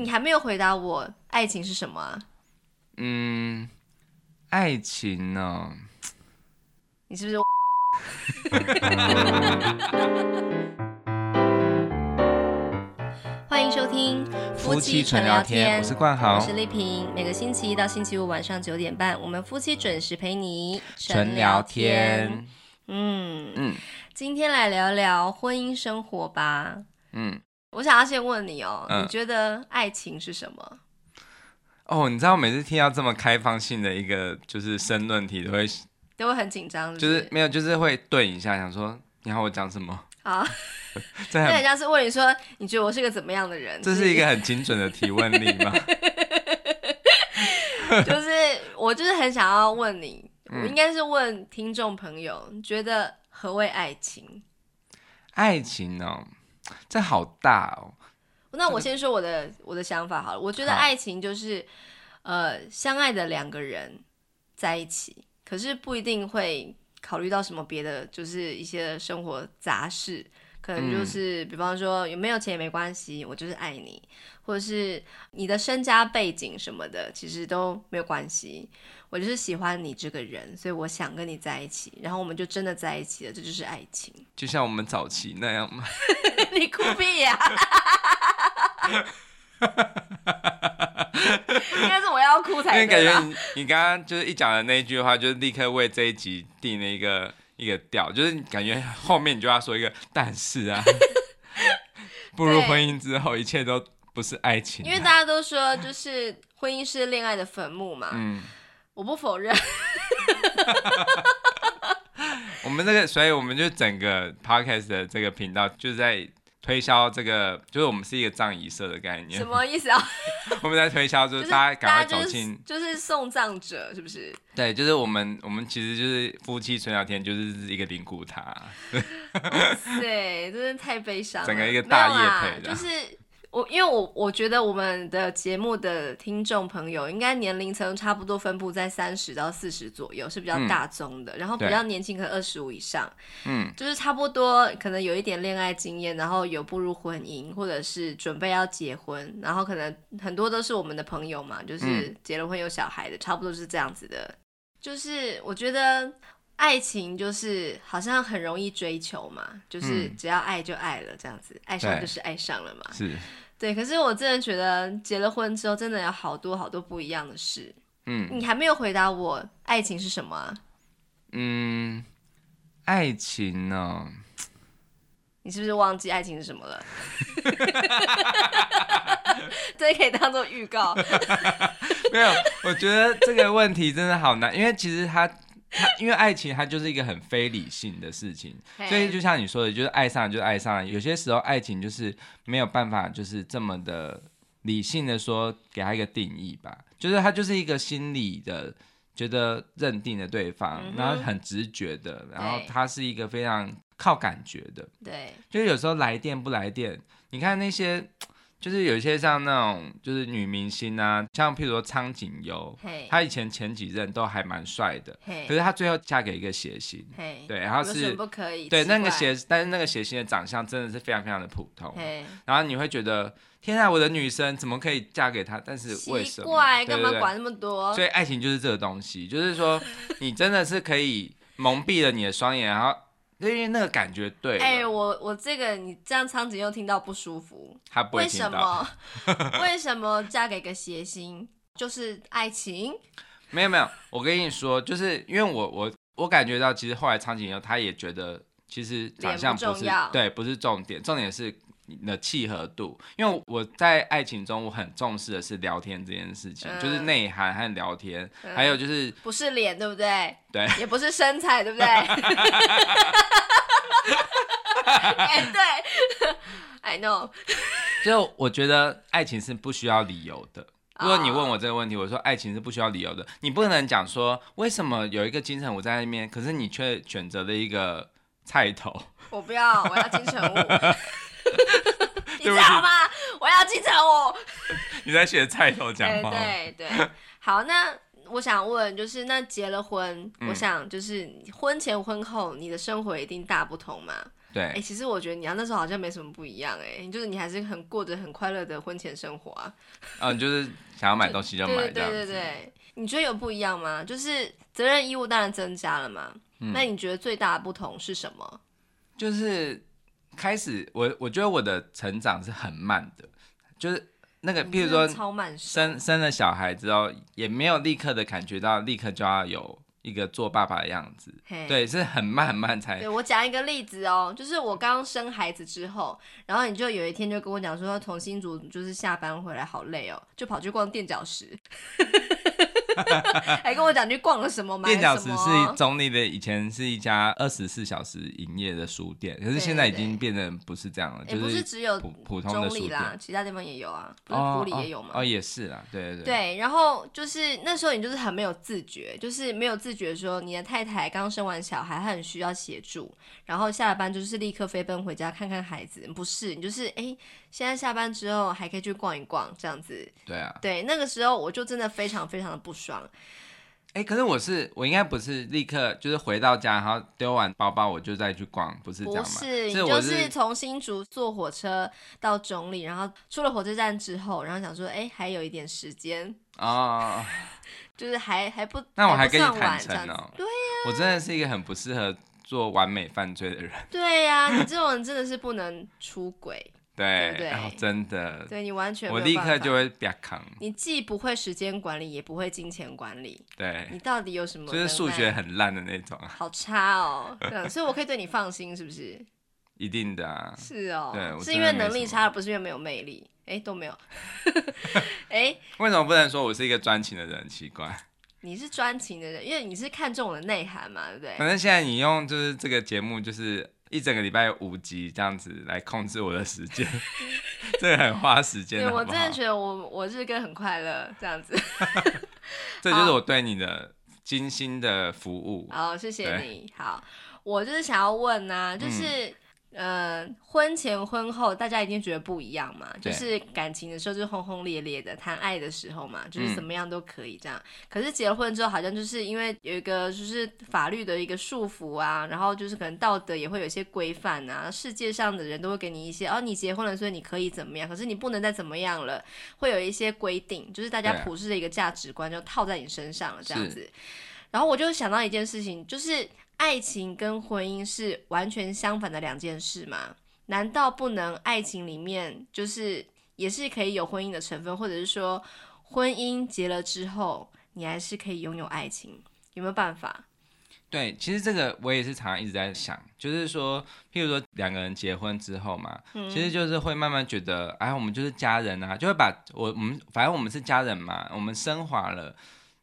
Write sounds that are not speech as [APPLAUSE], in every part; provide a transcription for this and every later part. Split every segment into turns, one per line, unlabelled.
你還沒有回答我，愛情是什麼、啊？
嗯，愛情呢、哦？
你是不是？ [LAUGHS] [LAUGHS] [LAUGHS] 歡迎收聽夫妻，夫妻純聊天。我是冠豪，我是麗萍。每個星期一到星期五晚上九點半，我們夫妻準時陪你純聊，純聊天。嗯嗯，今天來聊聊婚姻生活吧。嗯。我想要先問你哦、嗯，你覺得愛情是什麼？
哦，你知道我每次聽到這麼開放性的一個就是申論題都、嗯，都會
都會很緊張，就是
沒有，就是會頓一下，想說你看我講什麼啊？那人家
是問你說你覺得我是個怎麼樣的人很？ [LAUGHS] 這是一個很
精準的提問力嗎？
[LAUGHS] 就是我就是很想要問你，我應該是問聽眾朋友、嗯，覺得何謂愛情？
愛情呢、哦？這好大
哦！那我先說我的、這個、我的想法好了。我覺得愛情就是，呃，相愛的兩個人在一起，可是不一定會考慮到什麼別的，就是一些生活雜事，可能就是、嗯、比方說有沒有錢也沒關係，我就是愛你，或者是你的身家背景什麼的，其實都沒有關係，我就是喜歡你這個人，所以我想跟你在一起，然後我們就真的在一起了，這就是愛情。
就像我們早期那樣嘛。 [LAUGHS]
你哭屁呀、啊！ [LAUGHS] [LAUGHS] 應該是我要哭才對。因為感覺你
你剛剛就是一講的那句話，就是立刻為這一集定了一個一個調，就是感覺後面你就要說一個但是啊，
步 [LAUGHS] 入婚姻
之後，一切都不是愛情、啊。因為大
家都說，就是婚姻是戀愛的墳墓嘛。 [LAUGHS] 我不否認。 [LAUGHS]
[LAUGHS] [LAUGHS] 我們這個，所以我們就整個 podcast 的這個頻道就在。推銷這個就是我們是一個葬儀社的概念，什麼
意思啊？
我 [LAUGHS] 們在推銷，就是大家趕快走進，
就是送葬者是不是？
對，就是我們我們其實就是夫妻純聊天，就是一個靈骨塔，
對， [LAUGHS] 真的太悲傷了，整個一個大業配的。我因為我我覺得我們的節目的聽眾朋友應該年齡層差不多分布在三十到四十左右是比較大宗的，嗯，然後比較年輕可能二十五以上，嗯，就是差不多可能有一點戀愛經驗，然後有步入婚姻或者是準備要結婚，然後可能很多都是我們的朋友嘛，就是結了婚有小孩的，嗯，差不多是這樣子的，就是我覺得。愛情就是好像很容易追求嘛，就是只要愛就愛了這樣子，嗯、愛上就是愛上了嘛。是，對。可是我真的覺得結了婚之後，真的有好多好多不一樣的事。
嗯，你還
沒有回答我愛情是什麼、啊？
嗯，愛情呢、哦？
你是不是忘記愛情是什麼了？ [LAUGHS] [LAUGHS] [LAUGHS] [LAUGHS] 這可以當做預告 [LAUGHS] 。
[LAUGHS] 沒有，我覺得這個問題真的好難， [LAUGHS] 因為其實他。 [LAUGHS] 因為愛情，它就是一個很非理性的事情，所以就像你說的，就是愛上就愛上了。有些時候，愛情就是沒有辦法，就是這麼的理性的說給他一個定義吧，就是他就是一個心裡的覺得認定了對方、嗯，然後很直覺的，然後他是一個非常靠感覺的，對，就是有時候來電不來電，你看那些。就是有一些像那種就是女明星啊，像譬如說蒼井優，hey. 她以前前幾任都還蠻帥的，hey. 可是她最後嫁給一個諧星，hey. 對，然後是不
可以，對那個諧，
但是那個諧星的長相真的是非常非常的普通，hey. 然後你會覺得天啊，我的女生怎麼可以嫁給他？但是為什麼？幹嘛管那
麼多？所以
愛情就是這個東西，就是說你真的是可以蒙蔽了你的雙眼 [LAUGHS] 然後因為那個感覺對，哎、欸，
我我這個你這樣蒼井優聽到不舒服，不會為什麼？ [LAUGHS] 為什麼嫁給個諧星就是愛情？
沒有沒有，我跟你說，就是因為我我我感覺到，其實後來蒼井優他也覺得其實長相不是，不重要對，不是重點，重點是的契合度，因為我在愛情中，我很重視的是聊天這件事情，嗯、就是內涵和聊天，嗯、還有就是
不是臉對不對？對，也不是身材對不對？
哎、 [LAUGHS] [LAUGHS] 欸，
對 [LAUGHS] ，I know。
就我覺得愛情是不需要理由的。如果你問我這個問題，我說愛情是不需要理由的。你不能講說，為什麼有一個金城武在那邊，可是你卻選擇了一個菜頭？
我不要，我要金城武。 [LAUGHS] [LAUGHS] 你知道嗎？我要繼承我。
[LAUGHS] 你在學菜頭講話。對，對對對，
好，那我想問，就是那結了婚、嗯，我想就是婚前婚後，你的生活一定大不同嘛？對。哎、欸，其實我覺得你、啊、那時候好像沒什麼不一樣、欸，哎，就是你還是很過着很快樂的婚前生活
啊。啊、嗯，就是想要買東西就買，就對，
對對對，你覺得有不一樣嗎？就是責任義務當然增加了嘛。嗯、那你覺得最大的不同是什麼？就是。
開始，我我覺得我的成長是很慢的，就是那個，譬如說，超慢生生、生了小孩之後，也沒有立刻的感覺到，立刻就要有一個做爸爸的樣子，Hey. 對，是很慢很慢才。對，
我講一個例子哦，就是我剛生孩子之後，然後你就有一天就跟我講說，從新竹就是下班回來好累哦，就跑去逛墊腳石。 [LAUGHS] [LAUGHS] 還跟我講去逛了什麼嗎，買什麼？墊腳石是中
立的。以前是一家二十四小時營業的書店，可是現在已經變成不是這樣了，也、就是欸、不是只有中立普、普通的書店啦，
其他地方也有啊，普、哦、裡也有嘛
哦。哦，也是啦，對對對。對，
然後就是那時候你就是很沒有自覺，就是沒有自覺說你的太太剛生完小孩，她很需要協助，然後下了班就是立刻飛奔回家看看孩子，不是你就是哎。欸現在下班之後還可以去逛一逛，這樣子。對啊。對，那個時候我就真的非常非常的不爽。
哎、欸，可是我是，我應該不是立刻就是回到家，然後丟完包包我就再去逛，不是這樣嗎？不是，是是就是
從新竹坐火車到中壢，然後出了火車站之後，然後想說，哎、欸，還有一點時間
啊，哦、 [LAUGHS] 就
是還還不那我還跟你坦承呢、哦、
對呀、啊，我真的是一個很不適合做完美犯罪的人。
對呀、啊，你這種人真的是不能出軌。 [LAUGHS] 對，對，然、啊、後
真的，對你完全我立刻就會比較扛
你既不會時間管理，也不會金錢管理。對，你到底有什麼、哦？就是數學
很爛的那種 [LAUGHS]
好差哦對、啊，所以我可以對你放心，是不是？
[LAUGHS] 一定的啊。是哦，是因為能力
差，而不是因為沒有魅力。哎，都沒有。哎 [LAUGHS] [LAUGHS] ，
為什麼不能說我是一個專情的人？很奇怪。
你是專情的人，因為你是看中我的內涵嘛，對不對？反
正現在你用就是這個節目就是。一整個禮拜五集這樣子來控制我的時間，這 [LAUGHS] 個 [LAUGHS] 很花時間。對，好好對我
真的覺得我我日更很快樂這樣子， [LAUGHS] [LAUGHS] 這就是我
對你的精心的服務。好，好謝謝你
好，我就是想要問啊，就是。嗯呃，婚前婚後，大家一定覺得不一樣嘛，就是感情的時候就是轟轟烈烈的，談愛的時候嘛，就是怎麼樣都可以這樣。嗯、可是結婚之後，好像就是因為有一個就是法律的一個束縛啊，然後就是可能道德也會有一些規範啊。世界上的人都會給你一些，哦，你結婚了，所以你可以怎麼樣，可是你不能再怎麼樣了，會有一些規定，就是大家普世的一個價值觀就套在你身上了這樣子。啊、然後我就想到一件事情，就是。愛情跟婚姻是完全相反的兩件事嗎？難道不能愛情裡面就是也是可以有婚姻的成分，或者是說婚姻結了之後，你還是可以擁有愛情？有沒有辦法？
對，其實這個我也是常常一直在想，就是說，譬如說兩個人結婚之後嘛、嗯，其實就是會慢慢覺得，哎，我們就是家人啊，就會把我，我們，反正我們是家人嘛，我們升華了。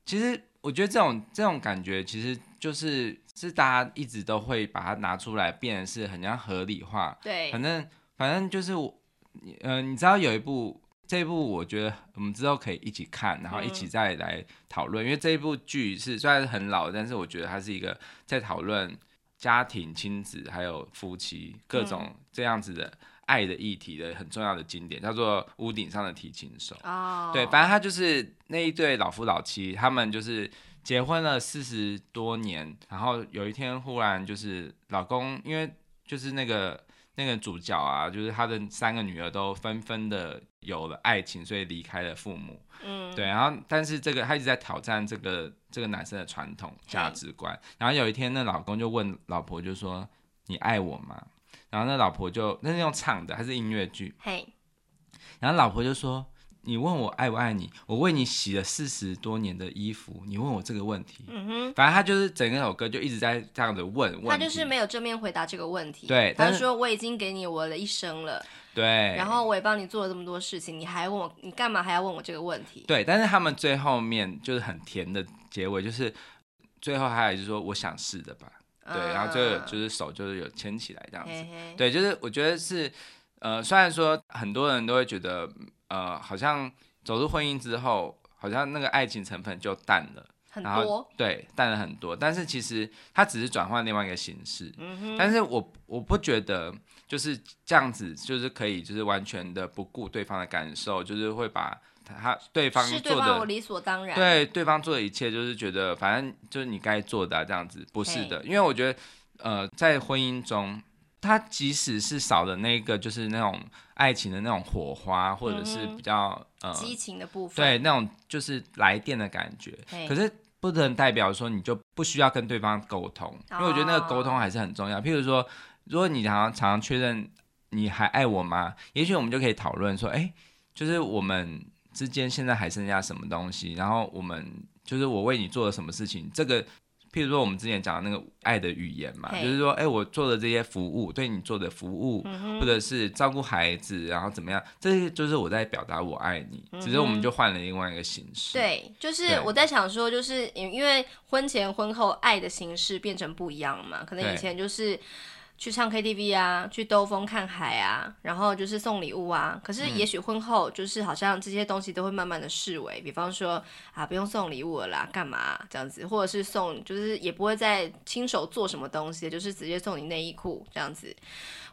其實我覺得這種這種感覺，其實就是。是大家一直都會把它拿出來，變成是很像合理化。對，反正反正就是我，你、呃、嗯，你知道有一部這一部，我覺得我們之後可以一起看，然後一起再來討論、嗯。因為這一部劇是雖然是很老，但是我覺得它是一個在討論家庭、親子還有夫妻各種這樣子的愛的議題的很重要的經典，嗯、叫做《屋頂上的提琴手》。哦，對，反正他就是那一對老夫老妻，他們就是。結婚了四十多年，然後有一天忽然就是老公，因為就是那個那個主角啊，就是他的三個女兒都紛紛的有了愛情，所以離開了父母。嗯，對。然後但是這個他一直在挑戰這個這個男生的傳統價值觀。然後有一天那老公就問老婆，就說：“你愛我嗎？”然後那老婆就那是用唱的，還是音樂劇？嘿。然後老婆就說。你問我愛不愛你？我為你洗了四十多年的衣服。你問我這個問題，
嗯哼，反
正他就是整個首歌就一直在這樣子問問。他就是
沒有正面回答這個問題。對，他說我已經給你我的一生了。
對，然後
我也幫你做了這麼多事情，你還問我，你幹嘛還要問我這個問題？
對，但是他們最後面就是很甜的結尾，就是最後還有就是說我想是的吧，
對，嗯、然後就
就是手就是有牽起來這樣子嘿嘿。對，就是我覺得是，呃，雖然說很多人都會覺得。呃，好像走入婚姻之後，好像那個愛情成分就淡了，很多。對，淡了很多。但是其實它只是轉換另外一個形式。嗯、但是我我不覺得就是這樣子，就是可以，就是完全的不顧對方的感受，就是會把他，他對方做的對方理
所當然對
對方做的一切，就是覺得反正就是你該做的、啊、這樣子，不是的。因為我覺得，呃，在婚姻中，他即使是少的那個，就是那種。愛情的那種火花，或者是比較、嗯、呃，激
情的部分，對，那
種就是來電的感覺。可是不能代表說你就不需要跟對方溝通，因為我覺得那個溝通還是很重要、哦。譬如說，如果你常常常常確認你還愛我嗎？也許我們就可以討論說，哎、欸，就是我們之間現在還剩下什麼東西？然後我們就是我為你做了什麼事情？這個。譬如說，我們之前講的那個愛的語言嘛，Hey. 就是說，哎、欸，我做的這些服務，對你做的服務，mm -hmm. 或者是照顧孩子，然後怎麼樣，這些就是我在表達我愛你。Mm -hmm. 只是我們就換了另外一個形
式。Mm -hmm. 對，就是我在想說，就是因為婚前婚後愛的形式變成不一樣嘛，可能以前就是。去唱 KTV 啊，去兜風看海啊，然後就是送禮物啊。可是也許婚後，就是好像這些東西都會慢慢的視為，嗯、比方說啊，不用送禮物了啦，幹嘛、啊、這樣子？或者是送，就是也不會再親手做什麼東西，就是直接送你內衣褲這樣子，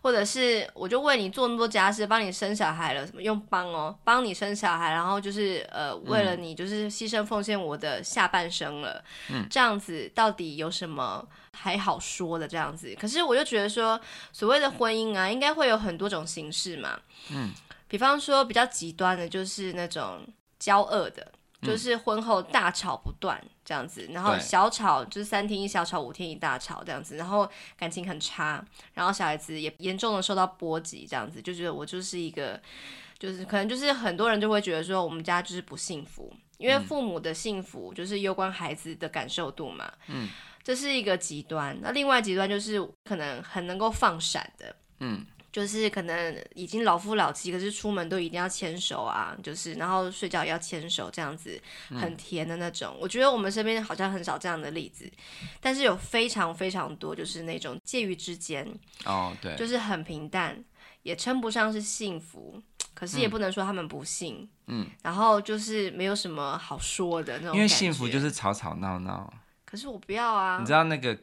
或者是我就為你做那麼多家事，幫你生小孩了，什麼用幫哦？幫你生小孩，然後就是呃，為了你就是犧牲奉獻我的下半生了。嗯，這樣子到底有什麼還好說的這樣子？可是我就覺得。說所謂的婚姻啊，應該會有很多種形式嘛。嗯，比方說比較極端的，就是那種交惡的、嗯，就是婚後大吵不斷這樣子，然後小吵就是三天一小吵，五天一大吵這樣子，然後感情很差，然後小孩子也嚴重的受到波及，這樣子就覺得我就是一個，就是可能就是很多人就會覺得說我們家就是不幸福，因為父母的幸福就是攸關孩子的感受度嘛。嗯。嗯這是一個極端，那另外極端就是可能很能夠放閃的，嗯，就是可能已經老夫老妻，可是出門都一定要牽手啊，就是然後睡覺也要牽手，這樣子很甜的那種，嗯。我覺得我們身邊好像很少這樣的例子，但是有非常非常多，就是那種介於之間，哦，對，就是很平淡，也稱不上是幸福，可是也不能說他們不幸，嗯，然後就是沒有什麼好說的那種，因為幸福就
是吵吵鬧鬧。
可是我不要啊！你知道
那個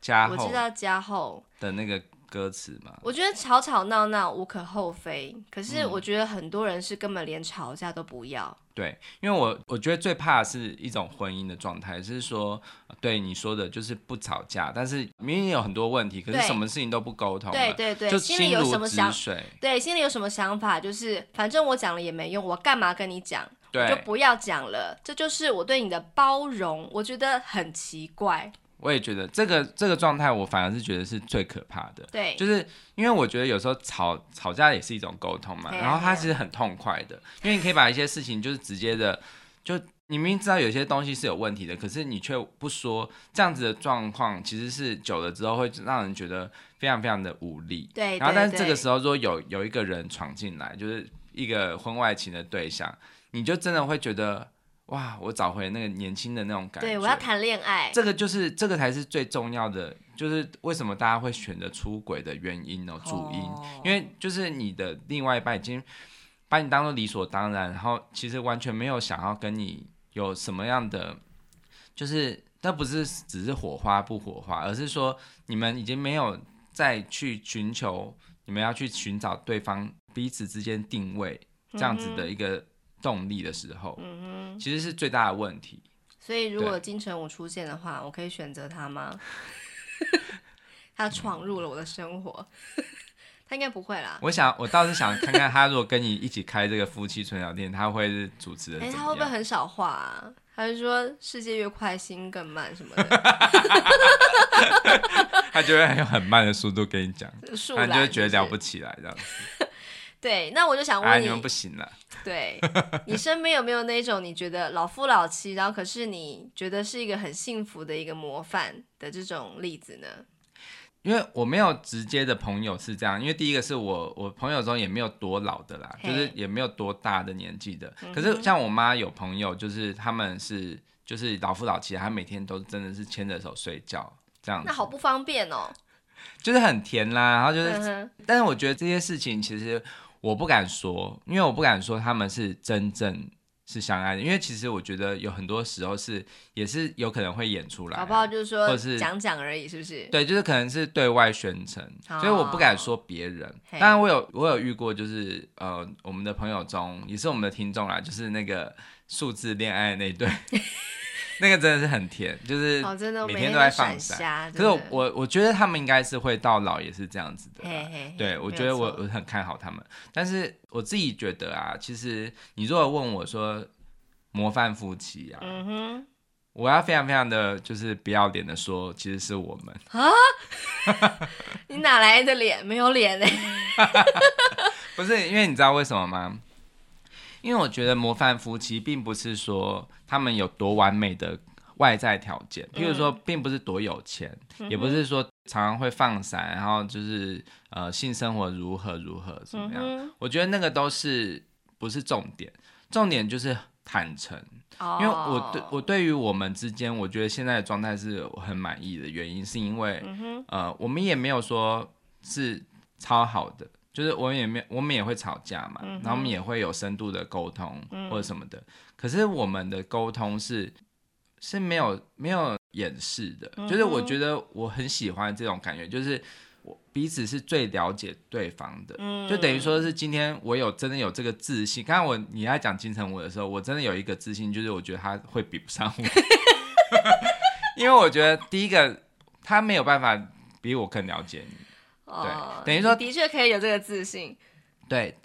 家後，我知道家後的那個歌詞嗎
我？我覺得吵吵鬧鬧無可厚非，可是我覺得很多人是根本連吵架都不要。嗯。
對，因為我我覺得最怕是一種婚姻的狀態，就是說，對你說的，就是不吵架，但是明明有很多問題，可是什麼事情都不溝通，對對對，就心，心裡有什麼
想，對，心裡有什麼想法，就是反正我講了也沒用，我幹嘛跟你講，就不要講了，這就是我對你的包容，我覺得很奇怪。
我也覺得這個這個狀態，我反而是覺得是最可怕的。對，就是因為我覺得有時候吵吵架，也是一種溝通嘛，啊、然後它其實很痛快的、啊，因為你可以把一些事情就是直接的， [LAUGHS] 就你明明知道有些東西是有問題的，可是你卻不說，這樣子的狀況其實是久了之後會讓人覺得非常非常的無力。對，對,對，然後但是這個時候說有有一個人闖進來，就是一個婚外情的對象，你就真的會覺得。哇！我找回那個年輕的那種感覺。對，我要
談戀愛。這
個就是這個才是最重要的，就是為什麼大家會選擇出軌的原因哦，主因。Oh. 因為就是你的另外一半已經把你當做理所當然，然後其實完全沒有想要跟你有什麼樣的，就是那不是只是火花不火花，而是說你們已經沒有再去尋求，你們要去尋找對方彼此之間定位這樣子的一個。Mm-hmm. 動力的時候，嗯哼，其實是最大的問題。
所以，如果金城武出現的話，我可以選擇他嗎？ [LAUGHS] 他闖入了我的生活， [LAUGHS] 他應該不會啦。
我想，我倒是想看看他如果跟你一起開這個夫妻純聊天， [LAUGHS] 他會是主持的。哎、欸，他會不
會很少話啊？還是說世界越快，心更慢什麼的？
[LAUGHS] [LAUGHS] 他就會用很慢的速度跟你講，你就會覺得聊不起來這樣子。就是 [LAUGHS]
對，那我就想問你，你們不行了。對， [LAUGHS] 你身邊有沒有那種你覺得老夫老妻，然後可是你覺得是一個很幸福的一個模範的這種例子呢？因
為我沒有直接的朋友是這樣，因為第一個是我，我朋友中也沒有多老的啦，hey. 就是也沒有多大的年紀的，嗯。可是像我媽有朋友，就是他們是就是老夫老妻，他每天都真的是牽着手睡覺這樣子。那
好不方便哦。
就是很甜啦，然後就是， [LAUGHS] 但是我覺得這些事情其實。我不敢說，因為我不敢說他們是真正是相愛的，因為其實我覺得有很多時候是也是有可能會演出來，好不
好？就是說講講是是，或是講講而已，是不是？對，
就是可能是對外宣傳，好好，所以我不敢說別人好好。當然，我有我有遇過，就是呃，我們的朋友中也是我們的聽眾啦，就是那個數字戀愛那一對。 [LAUGHS] 那個真的是很甜，就是每天都在放閃、哦。可是我我，我覺得他們應該是會到老也是這樣子的、啊嘿嘿嘿。對，我覺得我我很看好他們。但是我自己覺得啊，其實你如果問我說模範夫妻啊、嗯哼，我要非常非常的就是不要臉的說，其實是我們、
啊、 [LAUGHS] 你哪來的臉？沒有臉呢、欸？
[LAUGHS] [LAUGHS] 不是，因為你知道為什麼嗎？因為我覺得模範夫妻並不是說，他們有多完美的外在條件，比如說並不是多有錢，嗯嗯、也不是說常常會放閃。然後就是呃性生活如何如何怎麼樣、嗯？我覺得那個都是不是重點，重點就是坦誠。因為我對我對於我們之間，我覺得現在的狀態是很滿意的原因，是因為、嗯、呃我們也沒有說是超好的，就是我們也沒有我們也會吵架嘛、嗯，然後我們也會有深度的溝通、嗯、或者什麼的。可是我們的溝通是是沒有沒有掩飾的，嗯，就是我覺得我很喜歡這種感覺，就是我彼此是最了解對方的，就等於說是今天我有真的有這個自信。剛才我你在講金城武的時候，我真的有一個自信，就是我覺得他會比不上我， [LAUGHS] [LAUGHS] 因為我覺得第一個他沒有辦法比我更了解你，哦，
對，等於說的確可以有這個自信，
對，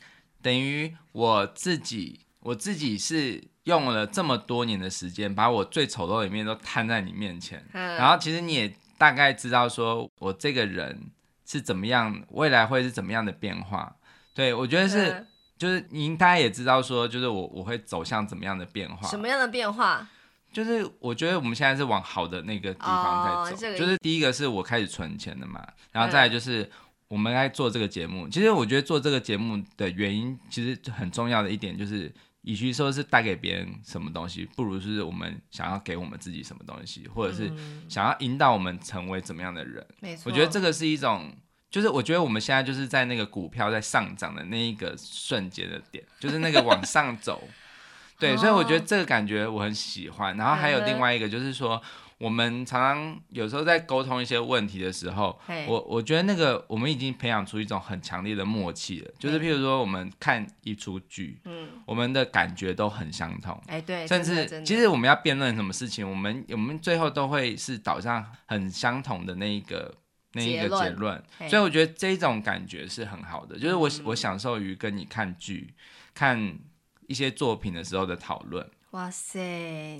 等於我自己。我自己是用了這麼多年的時間，把我最醜陋的一面都攤在你面前，嗯，然後其實你也大概知道，說我這個人是怎麼樣，未來會是怎麼樣的變化。對，我覺得是，嗯、就是您大概也知道，說就是我我會走向怎麼樣的變化？什
麼樣的變化？
就是我覺得我們現在是往好的那個地方在走，哦、就是第一個是我開始存錢的嘛，然後再來就是我們來做這個節目、嗯。其實我覺得做這個節目的原因，其實很重要的一點就是。與其說是帶給別人什麼東西，不如是我們想要給我們自己什麼東西，或者是想要引導我們成為怎麼樣的人。嗯、我覺得這個是一種，沒錯。就是我覺得我們現在就是在那個股票在上漲的那一個瞬間的點，就是那個往上走。 [LAUGHS] 對，所以我覺得這個感覺我很喜歡。哦、然後還有另外一個就是說。嗯我們常常有時候在溝通一些問題的時候，hey. 我我覺得那個我們已經培養出一種很強烈的默契了。Hey. 就是譬如說，我們看一出劇，嗯、hey.，我們的感覺都很相同，
哎，對，甚至、hey. 其實
我們要辯論什麼事情，我們我們最後都會是導向很相同的那一個那一個結論。所以我覺得這種感覺是很好的，hey. 就是我我享受於跟你看劇、hey. 看一些作品的時候的討論。
哇塞，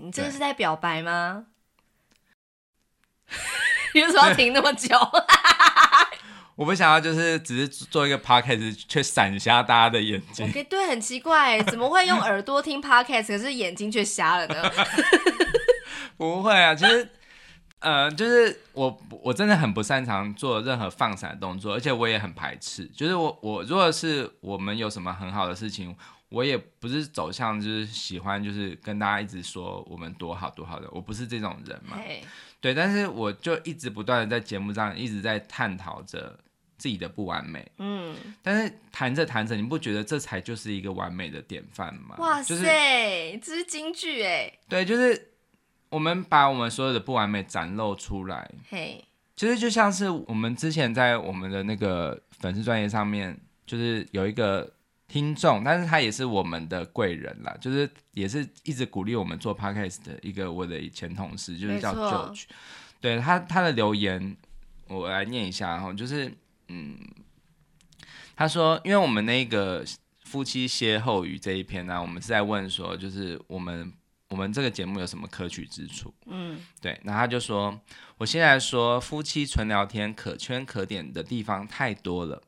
你這個是在表白嗎？你為什麼要停那麼久？
[LAUGHS] 我不想要，就是只是做一個 podcast，卻閃瞎大家的眼睛。Okay,
對，很奇怪， [LAUGHS] 怎麼會用耳朵聽 podcast，可是眼睛卻瞎了呢？
[LAUGHS] [LAUGHS] 不會啊，其實，呃，就是我，我真的很不擅長做任何放閃動作，而且我也很排斥。就是我，我，如果是我們有什麼很好的事情。我也不是走向，就是喜歡，就是跟大家一直說我們多好多好的，我不是這種人嘛。對，但是我就一直不斷的在節目上一直在探討着自己的不完美。
嗯，
但是談着談着，你不覺得這才就是一個完美的典範嗎？
哇塞，塞、就是，這是金句哎。
對，就是我們把我們所有的不完美展露出來。
嘿，
其、就、實、是、就像是我們之前在我們的那個粉絲專頁上面，就是有一個。聽眾，但是他也是我們的貴人啦，就是也是一直鼓勵我們做 Podcast 的一個我的以前同事，就是叫 George。對，他他的留言我來念一下，然後就是嗯，他說，因為我們那個夫妻歇後語這一篇呢、啊，我們是在問說，就是我們我們這個節目有什麼可取之處，嗯，對，然後他就說，我現在說夫妻純聊天可圈可點的地方太多了。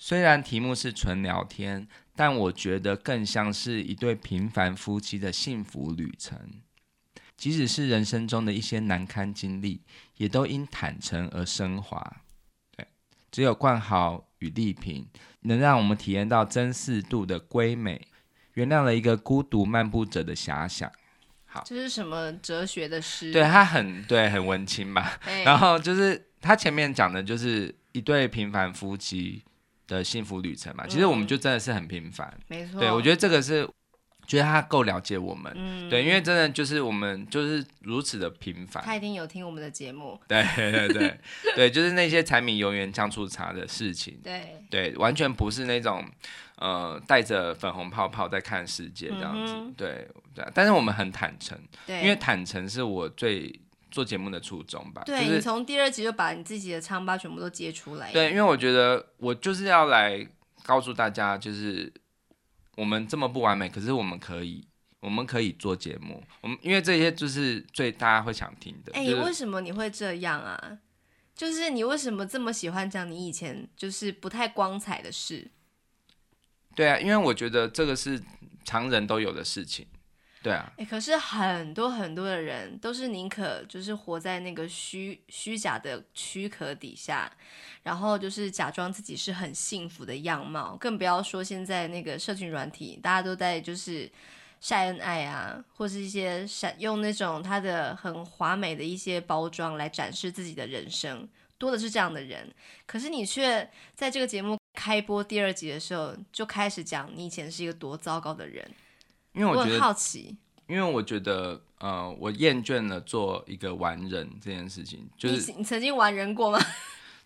雖然題目是純聊天，但我覺得更像是一對平凡夫妻的幸福旅程。即使是人生中的一些難堪經歷，也都因坦誠而昇華。對，只有冠豪與麗萍能讓我們體驗到真實度的瑰美，原諒了一個孤獨漫步者的遐想。
好，這是什麼哲學的詩？對，他
很，對，很文青吧、欸。然後就是他前面講的，就是一對平凡夫妻。的幸福旅程嘛，其實我們就真的是很平凡。嗯，
沒錯。對，我覺得
這個是，覺得他夠了解我們，嗯，對，因為真的就是我們就是如此的平凡。他
一定有聽我們的節目。
對，對對對 [LAUGHS] 對，就是那些柴米油鹽醬醋茶的事情，對對，完全不是那種呃帶着粉紅泡泡在看世界這樣子，對、嗯、對，但是我們很坦誠，對，因為坦誠是我最。做節目的初衷吧，對、就是、你從
第二集就把你自己的瘡疤全部都揭出來。對，
因為我覺得我就是要來告訴大家，就是我們這麼不完美，可是我們可以，我們可以做節目。我們因為這些就是最大家會想聽的。哎、就是欸，為什
麼你會這樣啊？就是你為什麼這麼喜歡講你以前就是不太光彩的事？
對啊，因為我覺得這個是常人都有的事情。
對、欸、啊，可是很多很多的人都是寧可就是活在那個虛虛假的軀殼底下，然後就是假裝自己是很幸福的樣貌，更不要說現在那個社群軟體，大家都在就是曬恩愛啊，或是一些曬用那種他的很華美的一些包裝來展示自己的人生，多的是這樣的人。可是你卻在這個節目開播第二集的時候就開始講你以前是一個多糟糕的人。因為我覺得我好奇，
因為我覺得呃，我厭倦了做一個完人這件事情。就是
你，你曾經完人過嗎？
[LAUGHS]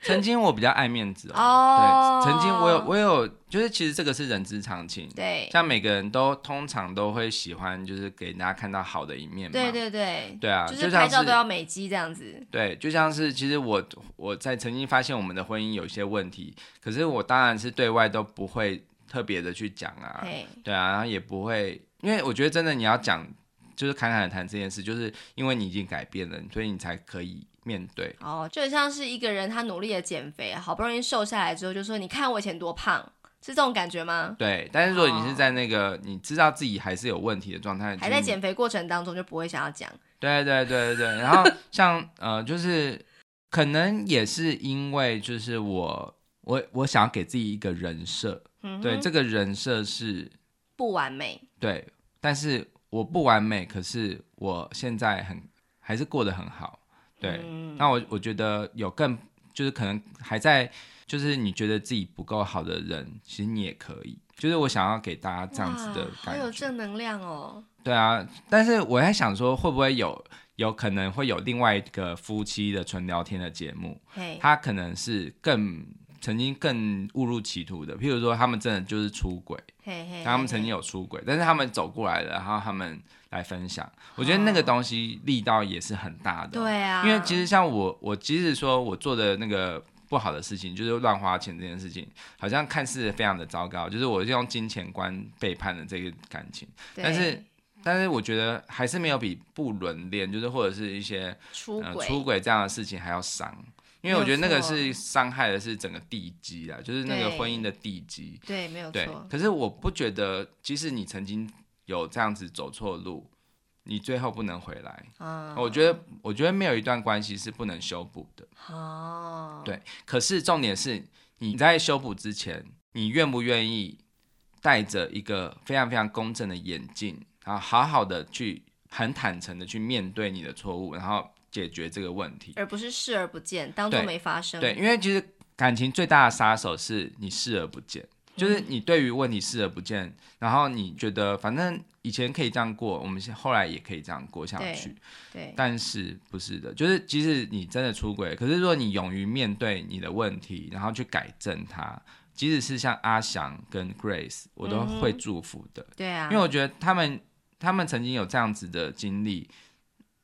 曾經我比較愛面子、喔、哦。對，曾經我有我有，就是其實這個是人之常情。對，像每個人都通常都會喜歡，就是給大家看到好的一面嘛。對
對對。
對啊，就是拍照都要
美肌這樣子。
對，就像是其實我我在曾經發現我們的婚姻有一些問題，可是我當然是對外都不會特別的去講啊。對啊，然後也不會。因為我覺得真的你要講，就是侃侃的談這件事，就是因為你已經改變了，所以你才可以面對。
哦，就像是一個人他努力的減肥，好不容易瘦下來之後，就說：“你看我以前多胖。”是這種感覺嗎？
對。但是如果你是在那個你知道自己還是有問題的狀態、哦就是，還在減
肥過程當中，就不會想要講。
對對對對對。然後像 [LAUGHS] 呃，就是可能也是因為就是我我我想要給自己一個人設、嗯，對，這個人設是不完美，對。但是我不完美，可是我現在很還是過得很好，對。嗯、那我我覺得有更就是可能還在就是你覺得自己不夠好的人，其實你也可以。就是我想要給大家這樣子的感覺，哇，好
有正能量哦！
對啊，但是我在想說，會不會有有可能會有另外一個夫妻的純聊天的節目？他可能是更。曾經更誤入歧途的，譬如說他們真的就是出軌，hey, hey, 他們曾經有出軌，hey, hey. 但是他們走過來了，然後他們來分享，我覺得那個東西力道也是很大的。對啊，因為其實像我，我即使說我做的那個不好的事情，就是亂花錢這件事情，好像看似非常的糟糕，就是我用金錢觀背叛了這個感情，但是但是我覺得還是沒有比不倫戀，就是或者是一些出軌、呃、這樣的事情還要傷。因為我覺得那個是傷害的是整個地基啊，就是那個婚姻的地基。對，對，沒有錯。可是我不覺得，即使你曾經有這樣子走錯路，你最後不能回來。嗯。我覺得，我覺得沒有一段關係是不能修補的。
哦，對。
可是重點是，你在修補之前，嗯，你願不願意戴著一個非常非常公正的眼鏡，然後好好的去，很坦誠的去面對你的錯誤，然後。解決這個問題，
而不是視而不見，當做沒發
生。對，對，因為其實感情，最大的殺手是你視而不見，嗯、就是你對於問題視而不見，然後你覺得反正以前可以這樣過，我們後來也可以這樣過下去。對，對，但是不是的，就是即使你真的出軌，可是如果你勇於面對你的問題，然後去改正它，即使是像阿翔跟 Grace，我都會祝福的。嗯、對啊，因為我覺得他們他們曾經有這樣子的經歷。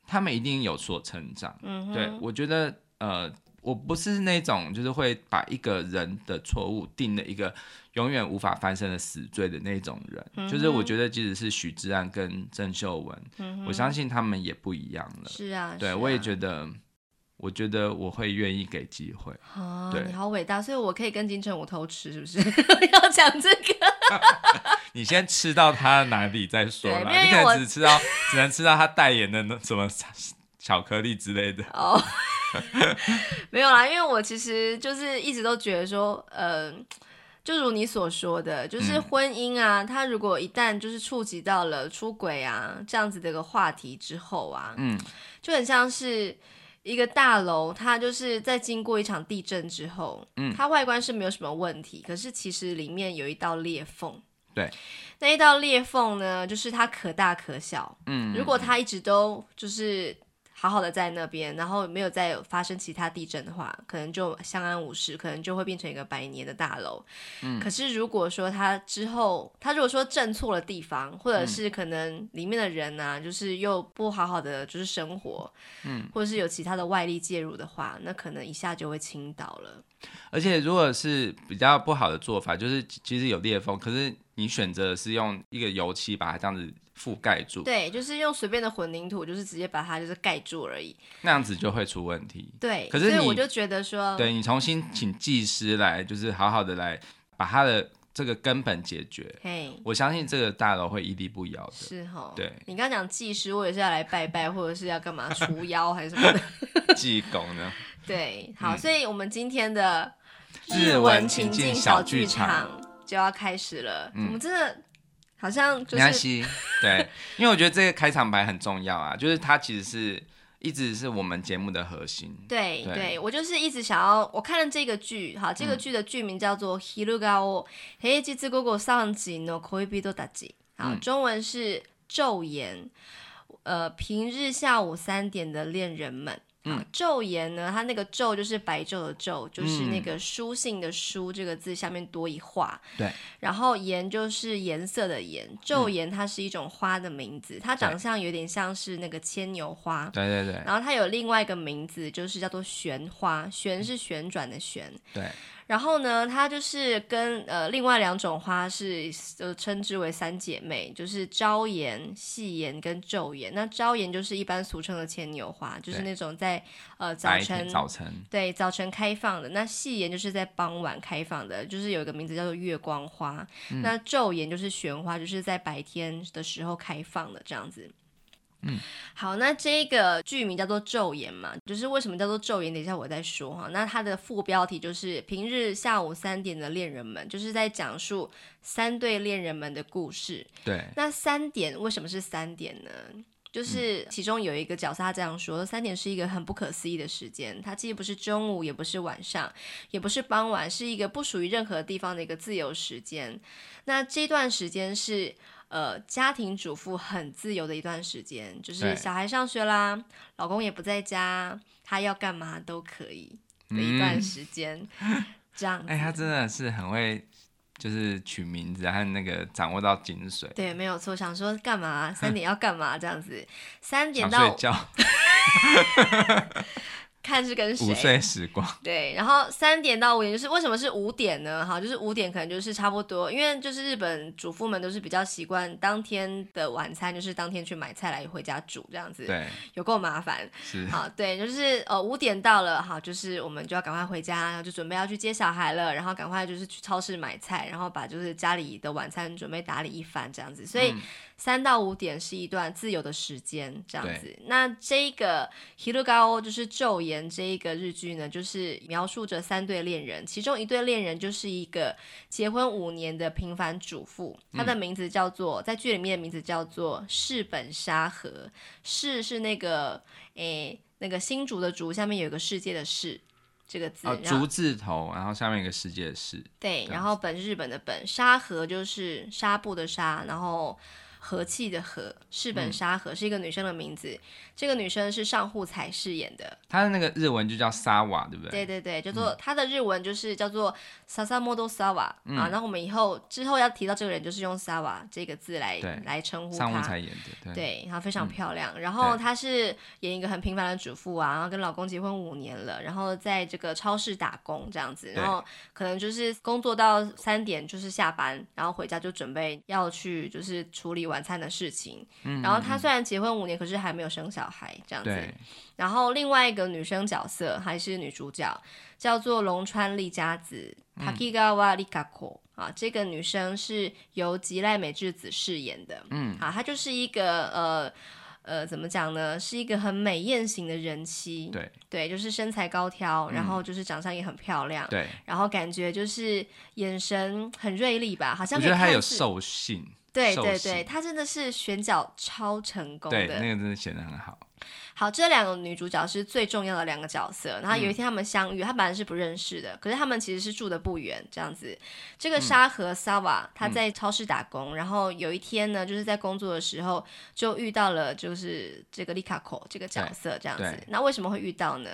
他們一定有所成長，嗯、對，我覺得，呃，我不是那種就是會把一個人的錯誤定了一個永遠無法翻身的死罪的那種人，嗯、就是我覺得即使是許志安跟鄭秀文、嗯，
我相信
他們也不一樣了，是、嗯、啊，對，我也覺得。我覺得我會願意給機會、啊、
對，你好偉大，所以我可以跟金城武偷吃，是不是 [LAUGHS] 要講這
個？ [LAUGHS] [LAUGHS] 你先吃到他哪裡再說吧。你可能只吃到， [LAUGHS] 只能吃到他代言的什麼巧克力之類的。哦， [LAUGHS]
[LAUGHS] 沒有啦，因為我其實就是一直都覺得說，嗯、呃，就如你所說的，就是婚姻啊，他、嗯、如果一旦就是觸及到了出軌啊這樣子的一個話題之後啊，嗯，就很像是。一個大樓，它就是在經過一場地震之後，嗯，它外觀是沒有什麼問題，可是其實裡面有一道裂縫，
對，
那一道裂縫呢，就是它可大可小，嗯，如果它一直都就是。好好的在那邊，然後沒有再發生其他地震的話，可能就相安無事，可能就會變成一個百年的大樓。嗯。可是如果說他之後，他如果說震錯了地方，或者是可能裡面的人呢，啊嗯，就是又不好好的就是生活，嗯，或者是有其他的外力介入的話，那可能一下就會傾倒了。
而且如果是比較不好的做法，就是其實有裂縫，可是你選擇是用一個油漆把它這樣子覆蓋住。對，
就是用隨便的混凝土，就是直接把它就是蓋住而已。
那樣子就會出問題。
[LAUGHS] 對，可是所以我就覺得說，對
你重新請技師來，就是好好的來把它的這個根本解決。嘿， [LAUGHS] 我相信這個大樓會屹立不搖的。是哈、哦。對
你剛剛講技師，我也是要來拜拜，或者是要幹嘛 [LAUGHS] 除妖還是什麼的？
技工呢？ [LAUGHS] 公 [LAUGHS]
對，好，嗯、所以，我們今天的日文情境小劇場就要開始了。嗯、我們真的好像，就是，
對， [LAUGHS] 因為我覺得這個開場白很重要啊，就是它其實是一直是我們節目的核心
對。對，對，我就是一直想要，我看了這個劇，好，這個劇的劇名叫做《Hirugao》，平日午後3時 no 戀人たち》，古古好、嗯，中文是《晝顏》，呃，平日下午三點的戀人們。啊、嗯，晝顏呢，它那個晝就是白晝的晝，就是那個書信的書這個字下面多一畫。對、嗯。然後顏就是顏色的顏，晝顏它是一種花的名字、嗯，它長相有點像是那個牽牛花。對對對，對。然後它有另外一個名字，就是叫做旋花，旋是旋轉的旋、嗯。對。然後呢，它就是跟呃，另外兩種花是呃，稱之為三姐妹，就是朝顏、夕顏跟晝顏。那朝顏就是一般俗稱的牽牛花，就是那種在呃，早晨早晨，對，早晨開放的。那夕顏就是在傍晚開放的，就是有一個名字叫做月光花。嗯、那晝顏就是旋花，就是在白天的時候開放的這樣子。嗯，好，那這個劇名叫做《晝顏》嘛，就是為什麼叫做晝顏，等一下我再說哈。那它的副標題就是“平日下午三點的戀人們”，就是在講述三對戀人們的故事。對，那三點為什麼是三點呢？就是其中有一個角色他這樣說：三點是一個很不可思議的時間，它既不是中午，也不是晚上，也不是傍晚，是一個不屬於任何地方的一個自由時間。那這段時間是。呃，家庭主婦很自由的一段時間，就是小孩上學啦，老公也不在家，他要幹嘛都可以的、嗯、一段時間， [LAUGHS] 這樣。哎、欸，他
真的是很會，就是取名字和那個掌握到精髓。
對，沒有錯，想說幹嘛，三點要幹嘛 [LAUGHS] 這樣子，三點到。 [LAUGHS] 看是跟誰午睡時光。對，然後三點到五點，就是為什麼是五點呢？好，就是五點可能就是差不多，因為就是日本主婦們都是比較習慣當天的晚餐，就是當天去買菜來回家煮這樣子，對，有夠麻煩是，好對，就是呃五點到了好，就是我們就要趕快回家，然後就準備要去接小孩了，然後趕快就是去超市買菜，然後把就是家裡的晚餐準備打理一番這樣子，所以。嗯三到五點是一段自由的時間，這樣子。那這一個《hirugao》就是晝顏這一個日劇呢，就是描述着三對戀人，其中一對戀人就是一個結婚五年的平凡主婦，她的名字叫做、嗯、在劇裡面的名字叫做笹本紗和，笹是那個誒、欸、那個新竹的竹下面有一個世界的世這個字，哦、竹字
頭，然後下面一個世界的世，
對，然後本日本的本，紗和，就是紗布的紗，然後。和氣的和，笹本紗和，嗯，是一個女生的名字。這個女生是上戶彩飾演的，
她的那個日文就叫沙瓦，對不對？對
對對，叫做，嗯，她的日文就是叫做 Sasamoto Sawa 啊。那我們以後之後要提到這個人，就是用薩瓦這個字來來稱呼她。上戶彩演的，對，對，然後非常漂亮，嗯。然後她是演一個很平凡的主婦啊，然後跟老公結婚五年了，然後在這個超市打工這樣子，然後可能就是工作到三點就是下班，然後回家就準備要去就是處理完。餐的事情，然後她雖然結婚五年、嗯，可是還沒有生小孩這樣子對。然後另外一個女生角色還是女主角，叫做瀧川利佳子タキガワリカコ、嗯、啊，這個女生是由吉瀨美智子飾演的。嗯，啊，她就是一個呃呃，怎麼講呢？是一個很美豔型的人妻。對對，就是身材高挑，然後就是長相也很漂亮。嗯、對，然後感覺就是眼神很銳利吧，好像覺得她有獸
性。對對對，
他真的是選角超成功的，對，那個真
的選得很好。
好，這兩個女主角是最重要的兩個角色。然後有一天她們相遇，嗯，她本來是不認識的，可是她們其實是住的不遠這樣子。這個紗和薩瓦、嗯、她在超市打工、嗯，然後有一天呢，就是在工作的時候就遇到了，就是這個利佳子這個角色、欸、這樣子。那為什麼會遇到呢？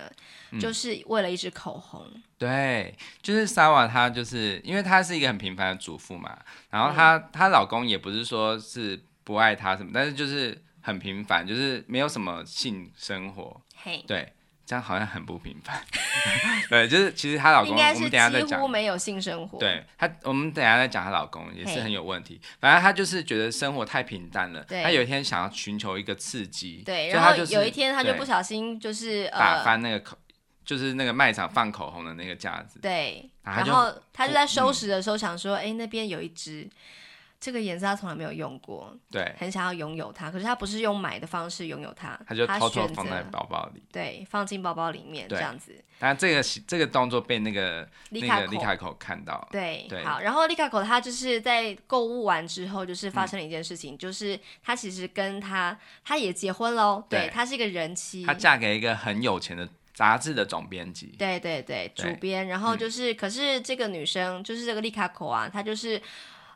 嗯、就是為了一支口紅。
對，就是薩瓦，她就是因為她是一個很平凡的主婦嘛，然後她、嗯、她老公也不是說是不愛她什麼，但是就是。很平凡，就是沒有什麼性生活，hey. 對，這樣好像很不平凡， [LAUGHS] [LAUGHS] 對，就是其實她老公應該是幾乎
沒有性生活，對
她，我們等一下再講她老公也是很有問題，hey. 反正她就是覺得生活太平淡了，她，hey. 有一天想要尋求一個刺激，對就是，然後有一天她就不小
心就是，呃、打翻
那個口，就是那個賣場放口紅的那個架子，對，嗯，然後
她就後在收拾的時候想，想說，哎，嗯欸，那邊有一支。這個顏色他從來沒有用過，對，很想要擁有它。可是他不是用買的方式擁有它，他就套裝放在包包裡，對，放進包包裡面這樣子。
但這個這個動作被那個、嗯、那個利佳子、那個利佳子看到，對對。好，
然後利佳子他就是在購物完之後，就是發生了一件事情，嗯、就是他其實跟他他也結婚嘍，對，他是一個人妻，他嫁
給一個很有錢的雜誌的總編輯，對
對對，對，對，主編。然後就是、嗯，可是這個女生就是這個利佳子啊，她就是。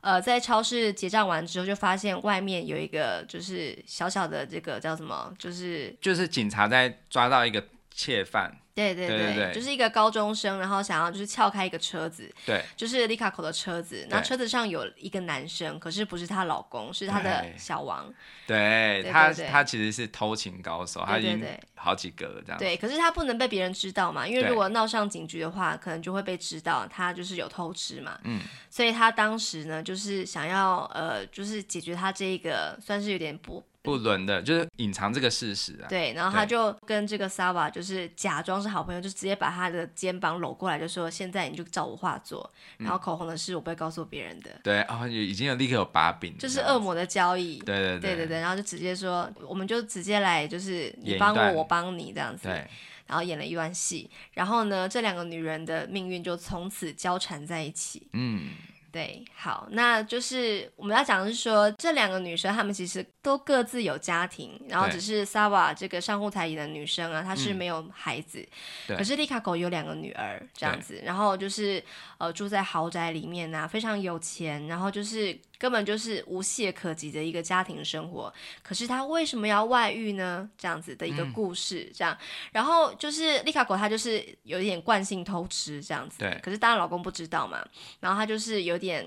呃，在超市結賬完之後，就發現外面有一個就是小小的這個叫什麼，就是
就是警察在抓到一個竊犯。
對對對，對對對，就是一個高中生，然後想要就是撬開一個車子，對，就是利佳子的車子。那車子上有一個男生，可是不是她老公，是她的小王。對，
對，對，對，對他，他其實是偷情高手，對對對，他已經好幾個了這樣。對，可是
他不能被別人知道嘛，因為如果鬧上警局的話，可能就會被知道他就是有偷吃嘛。嗯，所以他當時呢，就是想要呃，就是解決他這一個算是有點不。
不倫的，就是隱藏這個事實啊。對，
然後他就跟這個紗和，就是假裝是好朋友，就是、直接把他的肩膀摟過來，就說現在你就照我畫作，然後口紅的事我不會告訴別人的。
對，然、哦、後已經有立刻有把柄，就是
惡魔的交易。對
對對，對對
對，然後就直接說，我們就直接來，就是你幫我，我幫你這樣子。對。然後演了一段戲，然後呢，這兩個女人的命運就從此交纏在一起。
嗯。
對，好，那就是我們要講的是說，這兩個女生她們其實都各自有家庭，然後只是紗和這個上戶彩演的女生啊，她是沒有孩子，嗯、可是利佳子有兩個女兒這樣子，然後就是呃住在豪宅裡面啊，非常有錢，然後就是。根本就是無懈可擊的一個家庭生活，可是他為什麼要外遇呢？這樣子的一個故事，嗯、這樣，然後就是利佳子他就是有點慣性偷吃這樣子，對，可是當然老公不知道嘛，然後他就是有點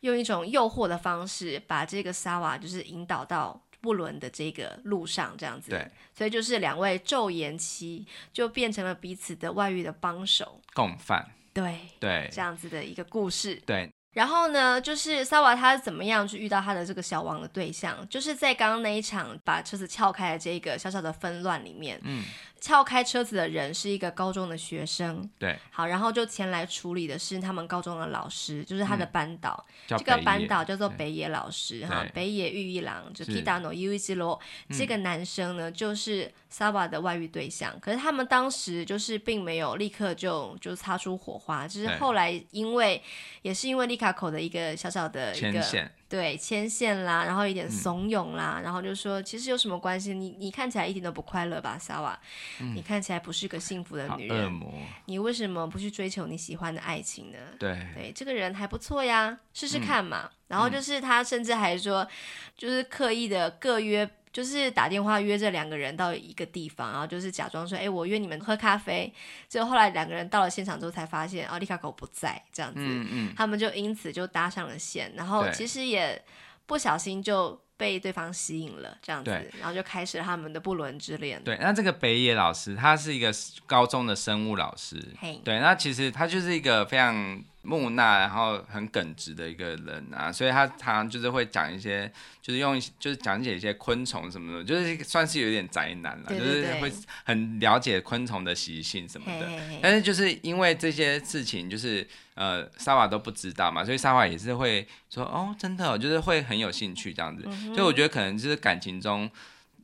用一種誘惑的方式把這個紗和就是引導到不倫的這個路上這樣子，對，所以就是兩位晝顏妻就變成了彼此的外遇的幫手、共犯，對對，這樣子的一個故事，對。然後呢，就是紗和他怎麼樣去遇到他的這個小王的對象，就是在剛剛那一場把車子撬開的這個小小的紛亂裡面。嗯撬開車子的人是一個高中的學生，對，好，然後就前來處理的是他們高中的老師，就是他的班導、嗯，這個班導叫做北野老師哈，北野裕一郎，就 Kitano Yuichiro 這個男生呢就是 Sawa 的外遇對象，嗯，可是他們當時就是並沒有立刻就就擦出火花，就是後來因為也是因為利佳子的一個小小的一個。對，牽線啦，然後一點慫恿啦，嗯、然後就說其實有什麼關係？你你看起來一點都不快樂吧，紗和，嗯，你看起來不是個幸福的女人。好惡魔。你為什麼不去追求你喜歡的愛情呢？對對，這個人還不錯呀，試試看嘛。嗯、然後就是他甚至還說，就是刻意的各約。就是打電話約這兩個人到一個地方，然後就是假裝說：“哎、欸，我約你們喝咖啡。”結果後來兩個人到了現場之後，才發現哦、利佳子不在，這樣子、嗯嗯，他們就因此就搭上了線，然後其實也不小心就被對方吸引了，這樣子，然後就開始了他們的不倫之戀。
對，那這個北野老師，他是一個高中的生物老師，對，那其實他就是一個非常。木訥，然後很耿直的一個人啊，所以他常常就是會講一些，就是用就是講解一些昆蟲什麼的，就是算是有點宅男了，就是會很了解昆蟲的習性什麼的。對對對但是就是因為這些事情，就是呃，沙瓦都不知道嘛，所以沙瓦也是會說哦，真的、哦，就是會很有興趣這樣子。所以我覺得可能就是感情中。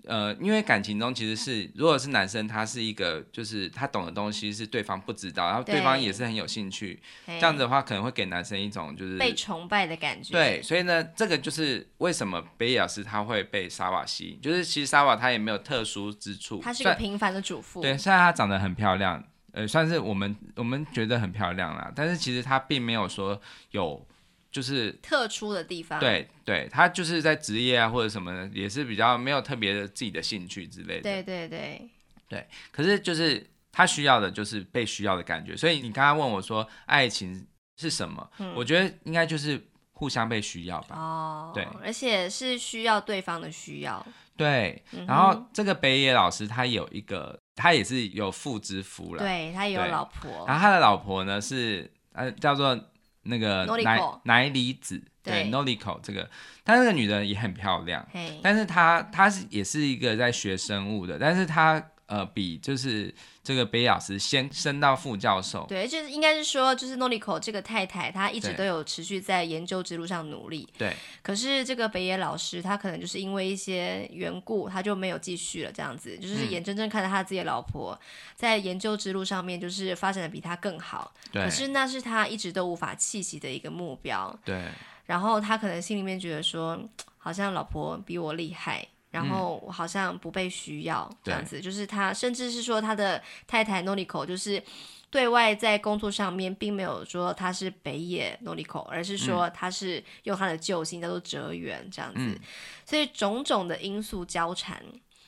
呃，因為感情中其實是，如果是男生，他是一個，就是他懂的東西是對方不知道，然後對方也是很有興趣，這樣子的話可能會給男生一種就是被
崇拜的感覺。對，
所以呢，這個就是為什麼北野老師他會被紗和吸引，就是其實紗和他也沒有特殊之處，他是一個平
凡的主婦。對，雖
然她長得很漂亮，呃，算是我們我們覺得很漂亮啦，但是其實她並沒有說有。就是
特殊的地方，對
對，他就是在職業啊或者什麼的，也是比較沒有特別的自己的興趣之類的。對對對對，可是就是他需要的就是被需要的感覺，所以你剛剛問我說愛情是什麼，嗯、我覺得應該就是互相被需要吧。哦、
嗯，對，而且是需要對方的需要。
對，然後這個北野老師他有一個，他也是有婦之夫了，對他也有老婆，然後他的老婆呢是呃叫做。那個乃里子，對 Noriko 這個，她那個女的也很漂亮，hey. 但是她她是也是一個在學生物的，但是她。呃，比就是這個北野老師先升到副教授，
對，就是應該是說，就是乃里子這個太太，她一直都有持續在研究之路上努力，對。可是這個北野老師，他可能就是因為一些緣故，他就沒有繼續了，這樣子，就是眼睜睜看着他自己的老婆、嗯、在研究之路上面，就是發展得比他更好，對。可是那是他一直都無法企及的一個目標，對。然後他可能心裡面覺得說，好像老婆比我厲害。然後好像不被需要、嗯、這樣子，就是他甚至是說他的太太 Noriko，就是對外在工作上面並沒有說他是北野 Noriko，而是說他是用他的舊姓叫做折原、嗯、這樣子。所以種種的因素交纏，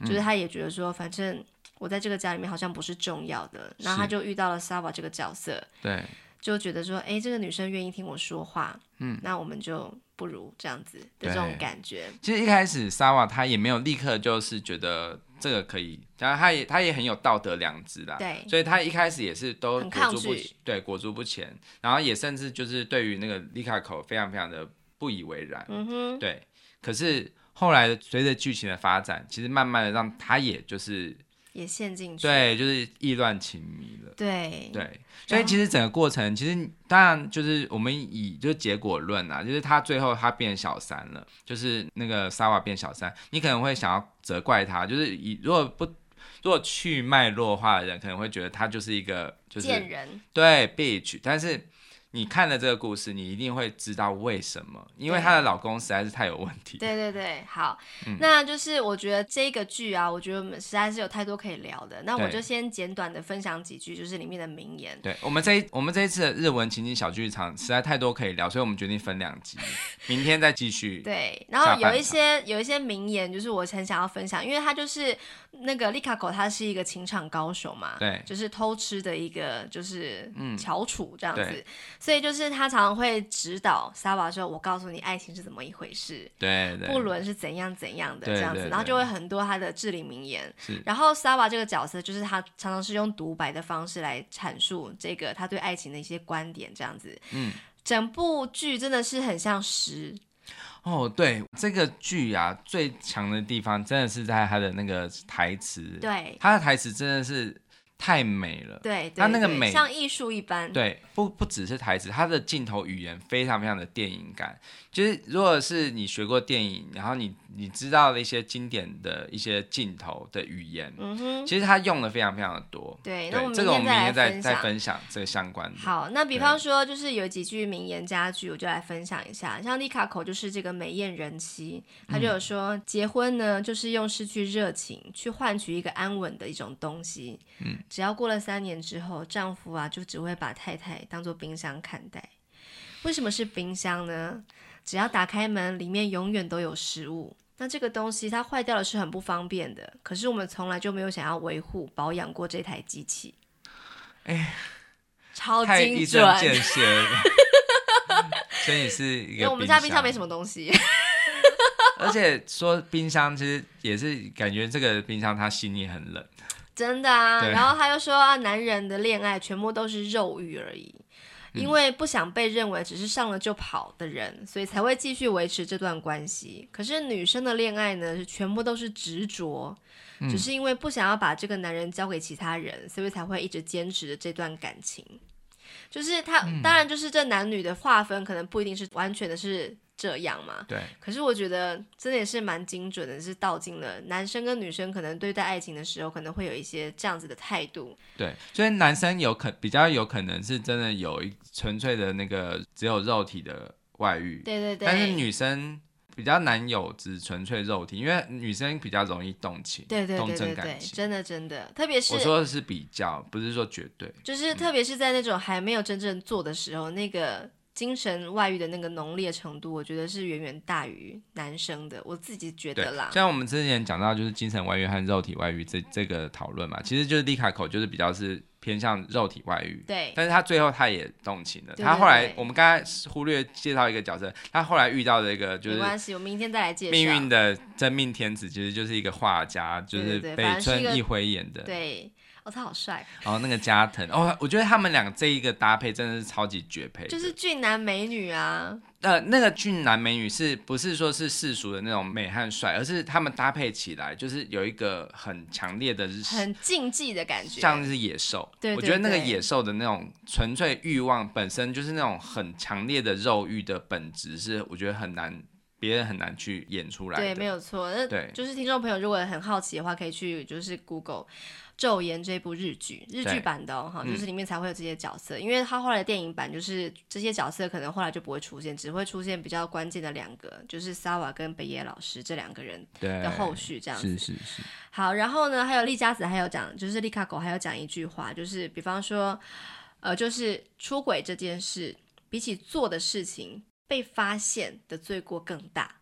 嗯、就是他也覺得說，反正我在這個家裡面好像不是重要的。然後他就遇到了 Sawa 這個角色。對。就覺得說，哎、欸，這個女生願意聽我說話，嗯，那我們就不如這樣子的這種感覺。
其實一開始，紗和他也沒有立刻就是覺得這個可以，然後他也她也很有道德良知啦。對，所以他一開始也是都裹足不，很抗拒，對，裹足不前，然後也甚至就是對於那個利佳子非常非常的不以為然，嗯哼，對。可是後來隨着劇情的發展，其實慢慢的讓他也就是。
也陷進去，對，
就是意亂情迷了，對對，所以其實整個過程，其實當然就是我們以就是結果論啊，就是他最後他變小三了，就是那個 Sawa 變小三，你可能會想要責怪他，就是以如果不如果去脈絡化的的人，可能會覺得他就是一個就是賤人，對，Bitch，但是。你看了這個故事，你一定會知道為什麼，因為她的老公實在是太有問題。對
對對，好、嗯，那就是我覺得這個劇啊，我覺得我們實在是有太多可以聊的。那我就先簡短的分享幾句，就是裡面的名言。
對，我們這一，我們這一次的日文情境小劇場實在太多可以聊，所以我們決定分兩集，明天再繼續。
對，然後有一些有一些名言，就是我很想要分享，因為它就是。那個利佳子，他是一個情場高手嘛，對，就是偷吃的一個就是翹楚這樣子、嗯，所以就是他常常會指導紗和說：“我告訴你愛情是怎麼一回事，
對，對，不倫
是怎樣怎樣的這樣子。對對對，然後就會很多他的至理名言。對對對，然後紗和這個角色就是他常常是用獨白的方式來闡述這個他對愛情的一些觀點這樣子，嗯，整部劇真的是很像詩。”
哦，對，這個劇啊，最強的地方真的是在他的那個台詞，對，他的台詞真的是。太美了，
對，對，它那個美像藝術一般，對，
不不只是台詞，他的鏡頭語言非常非常的電影感。就是如果是你學過電影，然後你你知道了一些經典的一些鏡頭的語言，嗯哼，其實他用的非常非常的多，對，對，那我們明天再分明天再，再分享這個相關的。
好，那比方說就是有幾句名言佳句，我就來分享一下，像利佳子就是這個美艷人妻，嗯、他就有說，結婚呢就是用失去熱情去換取一個安穩的一種東西，嗯。只要過了三年之後，丈夫啊就只會把太太當做冰箱看待。為什麼是冰箱呢？只要打開門，裡面永遠都有食物。那這個東西它壞掉了是很不方便的，可是我們從來就沒有想要維護保養過這台機器。哎、欸，超精
準， [LAUGHS] 所以是。因、欸、為我們家冰箱沒
什麼東西。
[LAUGHS] 而且說冰箱其實也是感覺這個冰箱它心裡很冷。
真的啊，然後他又說、啊、男人的戀愛全部都是肉欲而已，因為不想被認為只是上了就跑的人，嗯、所以才會繼續維持這段關係。可是女生的戀愛呢，是全部都是執着、嗯，只是因為不想要把這個男人交給其他人，所以才會一直堅持着這段感情。就是他，嗯、當然就是這男女的劃分，可能不一定是完全的是。這樣嘛？對。可是我覺得真的也是蠻精準的，是道盡了男生跟女生可能對待愛情的時候，可能會有一些這樣子的態度。
對，所以男生有可比較有可能是真的有一純粹的那個只有肉體的外遇。對對
對。但是女
生比較難有只純粹肉體，因為女生比較容易動情。對對對對對，動真感情。
真的真的，特別是我說
的是比較，不是說絕對。就是
特別是在那種還沒有真正做的時候，嗯、那個。精神外遇的那個濃烈程度，我覺得是遠遠大於男生的，我自己覺得啦。像
我們之前講到，就是精神外遇和肉體外遇這這個討論嘛，其實就是利佳子就是比較是偏向肉體外遇，對。但是他最後他也動情了，對對對，他後來我們剛才忽略介紹一個角色，他後來遇到的一個就是，沒關
係，我明天再來介紹。命運
的真命天子其實就是一個畫家，就是北村一輝演的，對，對,
對。哦，他好帥！
哦，那個加藤， [LAUGHS] 哦，我覺得他們兩個這一個搭配真的是超級絕配，就
是俊男美女啊。
呃，那個俊男美女是不是說是世俗的那種美和帥，而是他們搭配起來就是有一個很強烈的、很
禁忌的感覺，像
是野獸。對，對，對，我覺得那個野獸的那種純粹欲望本身，就是那種很強烈的肉欲的本質，是我覺得很難，別人很難去演出來。對，
沒有錯。對，那就是聽眾朋友如果很好奇的話，可以去就是 Google。《晝顏》這部日劇，日劇版的哈、哦，就是裡面才會有這些角色，嗯、因為他後來的電影版就是這些角色可能後來就不會出現，只會出現比較關鍵的兩個，就是紗和跟北野老師這兩個人的後續這樣子。是是是。好，然後呢，還有利佳子，還有講就是利佳子，還有講一句話，就是比方說，呃，就是出軌這件事，比起做的事情被發現的罪過更大，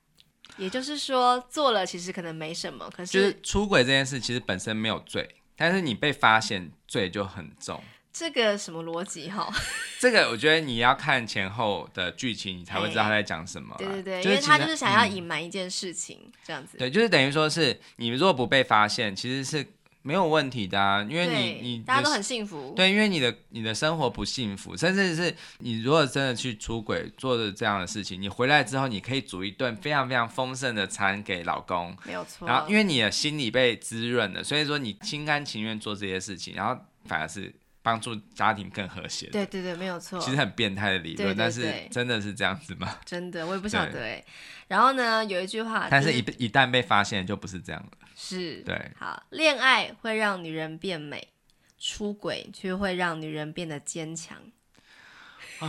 也就是說，做了其實可能沒什麼，可是就是
出軌這件事其實本身沒有罪。但是你被發現罪就很重，
這個什麼邏輯哈、
哦？ [LAUGHS] 這個我覺得你要看前後的劇情，你才會知道他在講什麼、哎。對對
對、就是，因為他就是想要隱瞞一件事情、嗯，這樣子。
對，就是等於說是，你如果不被發現，嗯、其實是。沒有問題的啊，因為你你大家都很
幸福。對，
因為你的你的生活不幸福，甚至是你如果真的去出軌，做的這樣的事情，你回來之後，你可以煮一頓非常非常豐盛的餐給老公，
沒有錯。然後，
因為你的心裡被滋潤了，所以說你心甘情願做這些事情，然後反而是。幫助家庭更和諧。對
對對，沒有錯。其實很
變態的理論，但是真的是這樣子嗎？
真的，我也不曉得、欸對。然後呢，有一句話。但是一
一旦被發現，就不是這樣了。
是。對。好，戀愛會讓女人變美，出軌卻會讓女人變得堅強。啊、
哦。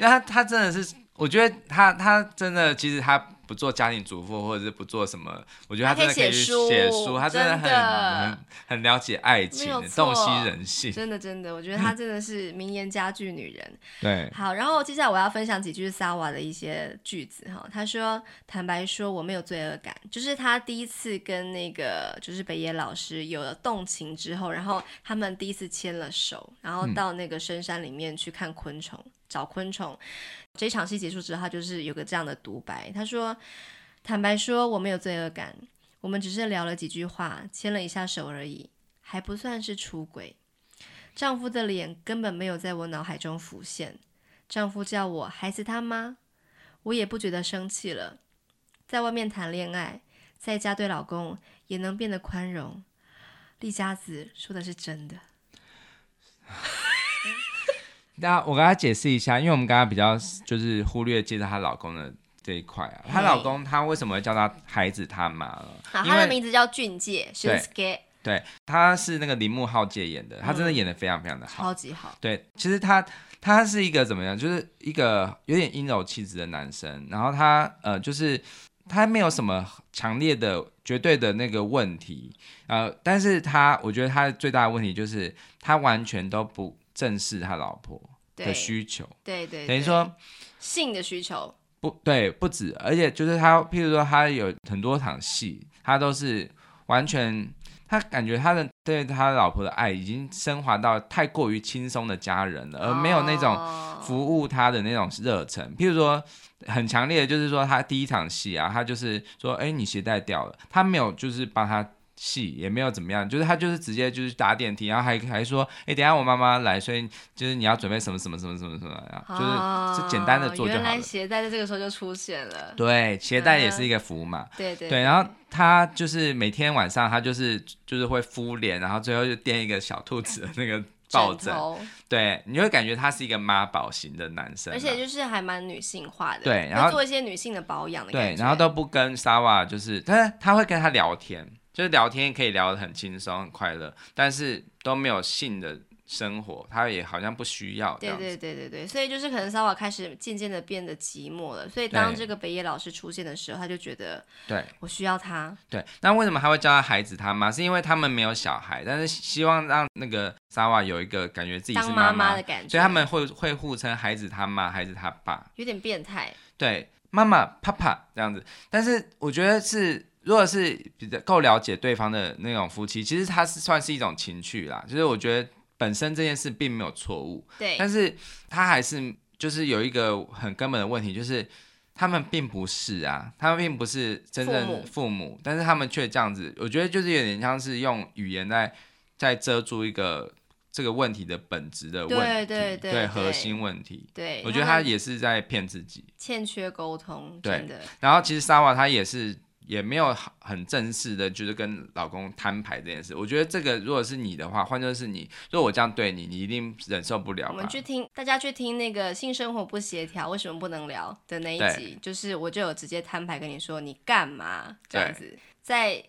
那 [LAUGHS] 他，他真的是，我覺得他他真的，其實他。不做家庭主婦，或者是不做什麼，我覺得他真的可以寫書,書,書，他真的很真的很很了解愛情，洞悉人性。真
的真的，我覺得她真的是名言佳句女人。 [LAUGHS] 對，好，然後接下來我要分享幾句紗和的一些句子哈。他說：“坦白說，我沒有罪惡感。”就是他第一次跟那個就是北野老師有了動情之後，然後他們第一次牽了手，然後到那個深山裡面去看昆蟲、嗯，找昆蟲。這場戲結束之後，就是有個這樣的獨白，他說：“坦白說，我沒有罪惡感，我們只是聊了幾句話，牽了一下手而已，還不算是出軌。丈夫的臉根本沒有在我腦海中浮現。丈夫叫我孩子他媽，我也不覺得生氣了。在外面談戀愛，在家對老公也能變得寬容。利佳子說的是真的。 [LAUGHS] ”
那我跟他解釋一下，因為我們剛剛比較就是忽略介紹她老公的這一塊啊。她、嗯、老公他為什麼會叫他孩子他媽了？
他的名字叫俊介，俊介。
對，他是那個鈴木浩介演的，他真的演的非常非常的好、
嗯，超
級好。對，其實他他是一個怎麼樣？就是一個有點陰柔氣質的男生。然後他呃，就是他沒有什麼強烈的、絕對的那個問題。呃，但是他我覺得他最大的問題就是他完全都不。正視他老婆的需求，
對對，對，對，等於說性的需求
不對，不止，而且就是他，譬如說他有很多場戲，他都是完全，他感覺他的對他老婆的愛已經升華到太過於輕鬆的家人了，而沒有那種服務他的那種熱忱。Oh. 譬如說很強烈的就是說，他第一場戲啊，他就是說，哎，你鞋帶掉了，他沒有就是幫他。戲也沒有怎麼樣，就是他就是直接就是搭電梯，然後還還說，哎、欸，等下我媽媽來，所以就是你要準備什麼什麼什麼什麼什麼、哦、就是、是簡單的做就好了。原
來鞋帶在這個時候就出現了。
對，鞋帶也是一個服嘛。啊、對對，對，對。然後他就是每天晚上，他就是就是會敷臉，然後最後就墊一個小兔子的那個抱枕。枕對，你會感覺他是一個媽寶型的男生。而且
就是還蠻女性化的。對，然後做一些女性的保養的感覺。對，
然後都不跟紗和，就是他他會跟他聊天。就是聊天可以聊得很輕鬆、很快樂，但是都沒有性的生活，他也好像不需要。對對
對對對，所以就是可能紗和開始漸漸的變得寂寞了。所以當這個北野老師出現的時候，他就覺得，對，我需要他。
對，對那為什麼還會叫他孩子他媽？是因為他們沒有小孩，但是希望讓那個紗和有一個感覺自己是媽媽當媽媽的感覺，所以他們會會互稱孩子他媽、孩子他爸，
有點變態。
對，媽媽、爸爸這樣子。但是我覺得是。如果是比較夠了解對方的那種夫妻，其實他是算是一種情趣啦。就是我覺得本身這件事並沒有錯誤，對。但是他還是就是有一個很根本的問題，就是他們並不是啊，他們並不是真正父母，父母。但是他們卻這樣子。我覺得就是有點像是用語言在在遮住一個這個問題的本質的問題，對，對，對，對，對，對，核心問題。對，對，我覺得他也是在騙自己，
欠缺溝通，對。
然後其實紗和他也是。也沒有很正式的就是跟老公攤牌這件事。我覺得這個如果是你的話，換作是你，如果我這樣對你，你一定忍受不了。我們
去聽大家去聽那個性生活不協調，為什麼不能聊的那一集，就是我就有直接攤牌跟你說，你幹嘛這樣子，在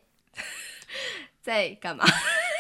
[LAUGHS] 在幹嘛？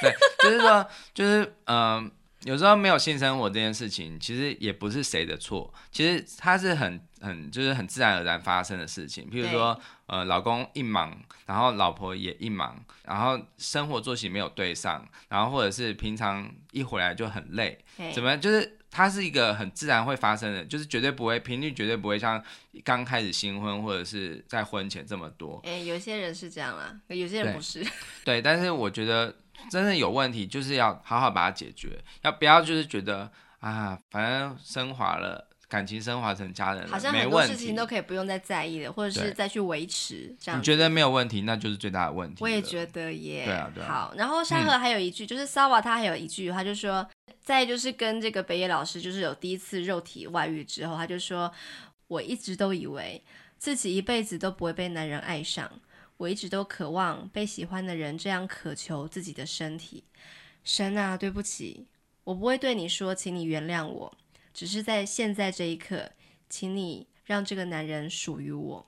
對， [LAUGHS] 就
是說，就
是嗯、呃，有時候沒有性生活這件事情，其實也不是誰的錯，其實他是很。很就是很自然而然發生的事情，譬如說呃，老公一忙，然後老婆也一忙，然後生活作息沒有對上，然後或者是平常一回來就很累，怎麼就是它是一個很自然會發生的，就是絕對不會頻率絕對不會像剛開始新婚或者是在婚前這麼多。哎，
有些人是這樣啦、啊，有些人不是。
對，對，但是我覺得真的有問題，就是要好好把它解決，要不要就是覺得啊，反正升華了。感情昇華成家人，好像很多事情都
可以不用再在意了，或者是再去維持這樣。你覺
得沒有問題，那就是最大的問題。我也
覺得耶。對啊對啊。好，然後紗和還有一句，嗯、就是薩瓦，他還有一句他就說再就是跟這個北野老師就是有第一次肉體外遇之後，他就說，我一直都以為自己一輩子都不會被男人愛上，我一直都渴望被喜歡的人這樣渴求自己的身體。神啊，對不起，我不會對你說，請你原諒我。只是在現在這一刻，請你讓這個男人屬於我。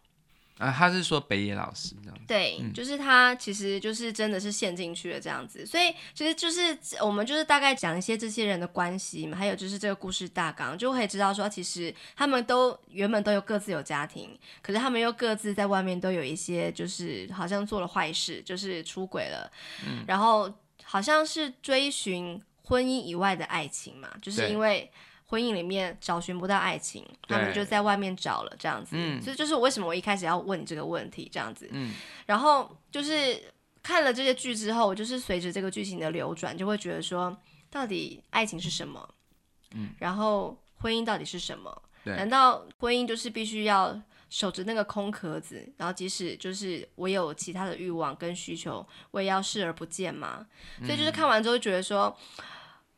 啊，他是說北野老師，對，嗯，就
是他，其實就是真的是陷進去了這樣子。所以，其實就是我們就是大概講一些這些人的關係嘛，還有就是這個故事大綱，就會知道說，其實他們都原本都有各自有家庭，可是他們又各自在外面都有一些，就是好像做了壞事，就是出軌
了，嗯，然
後好像是追尋婚姻以外的愛情嘛，就是因為。婚姻裡面找尋不到愛情，他們就在外面找了這樣子、嗯，所以就是為什麼我一開始要問你這個問題這樣子、嗯。然後就是看了這些劇之後，我就是隨着這個劇情的流轉，就會覺得說，到底愛情是什麼？嗯、然後婚姻到底是什麼？難道婚姻就是必須要守着那個空殼子，然後即使就是我有其他的欲望跟需求，我也要視而不見嗎、嗯？所以就是看完之後覺得說，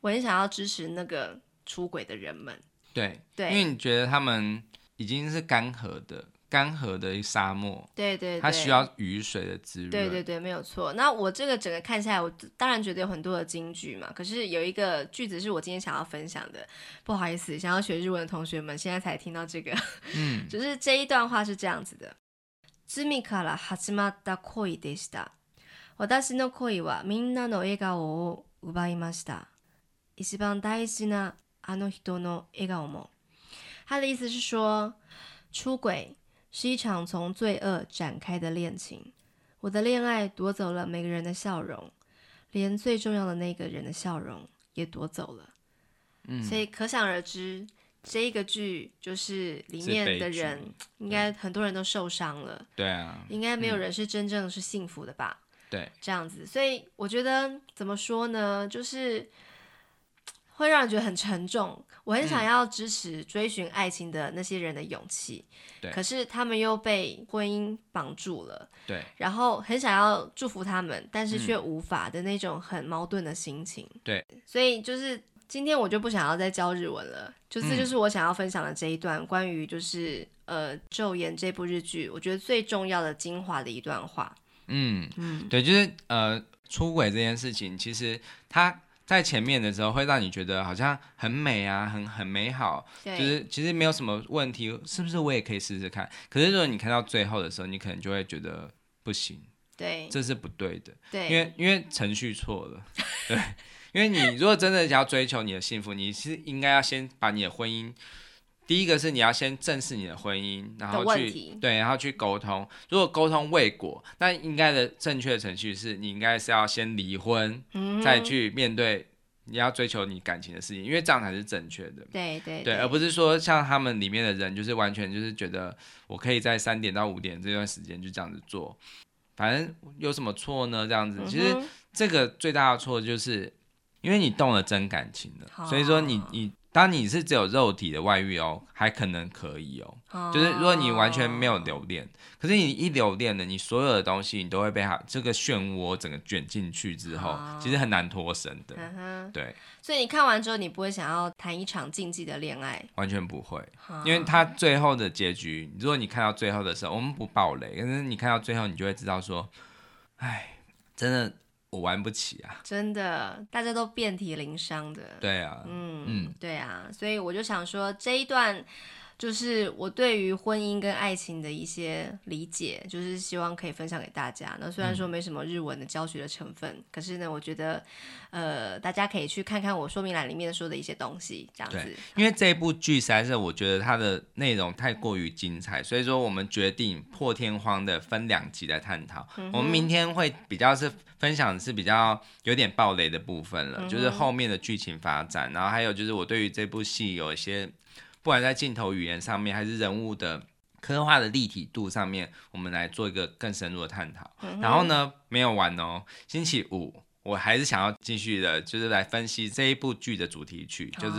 我很想要支持那個。出軌的人們，
對對，因為你覺得他們已經是乾涸的、乾涸的一沙漠，
對，對對，他需要
雨水的滋潤，對對
對，沒有錯。那我這個整個看下來，我當然覺得有很多的金句嘛，可是有一個句子是我今天想要分享的，不好意思，想要學日文的同學們現在才聽到這個，嗯，就是這一段話是這樣子的，我、嗯 [LAUGHS] [NOISE] [NOISE] [NOISE] あの人の笑顔も。他的意思是說，出軌是一場從罪惡展開的戀情。我的戀愛奪走了每個人的笑容，連最重要的那個人的笑容也奪走了。嗯、所以可想而知，這一個劇就是裡面的人，應該很多人都受傷了。
對啊，應該沒有
人是真正是幸福的吧？對、啊嗯，這樣子，所以我覺得怎麼說呢？就是。會讓人覺得很沉重。我很想要支持追尋愛情的那些人的勇氣、嗯對，可是他們又被婚姻綁住了。對，然後很想要祝福他們，但是卻無法的那種很矛盾的心情。嗯、對，所以就是今天我就不想要再教日文了。就這、是、就是我想要分享的這一段關於就是、嗯、呃《晝顏》這部日劇，我覺得最重要的精華的一段話。
嗯嗯，對，就是呃出軌這件事情，其實他。在前面的時候會讓你覺得好像很美啊，很很美好，對，就是其實沒有什麼問題，是不是我也可以試試看？可是如果你看到最後的時候，你可能就會覺得不行，對，這是不對的，對，因為因為程序錯了，對， [LAUGHS] 因為你如果真的要追求你的幸福，你是應該要先把你的婚姻。第一個是你要先正視你的婚姻，然後去對，然後去溝通。如果溝通未果，那應該的正確的程序是你應該是要先離婚，嗯，再去面對你要追求你感情的事情，因為這樣才是正確的。
對對對，對，而
不是說像他們裡面的人，就是完全就是覺得我可以在三點到五點這段時間就這樣子做，反正有什麼錯呢？這樣子，嗯，其實這個最大的錯就是因為你動了真感情了，哦，所以說你你。當你是只有肉體的外遇哦，還可能可以哦。Oh, 就是如果你完全沒有留戀，oh. 可是你一留戀了，你所有的東西你都會被它這個漩渦整個捲進去之後，oh. 其實很難脫身
的。Uh -huh. 對。所以你看完之後，你不會想要談一場禁忌的戀愛？
完全不會，oh. 因為他最後的結局，如果你看到最後的時候，我們不爆雷，可是你看到最後，你就會知道說，哎，真的。我玩不起啊！
真的，大家都遍體鱗傷的。對啊，嗯嗯，對啊，所以我就想說這一段。就是我對於婚姻跟愛情的一些理解，就是希望可以分享給大家。那雖然說沒什麼日文的教學的成分、嗯，可是呢，我覺得，呃，大家可以去看看我說明欄裡面說的一些東西。這樣子，
因為這部劇實在是我覺得它的內容太過於精彩，所以說我們決定破天荒的分兩集來探討、嗯。我們明天會比較是分享的是比較有點爆雷的部分了，嗯、就是後面的劇情發展，然後還有就是我對於這部戲有一些。不管在鏡頭語言上面，還是人物的刻畫的立體度上面，我們來做一個更深入的探討、嗯。然後呢，沒有完哦，星期五我還是想要繼續的，就是來分析這一部劇的主題曲，就是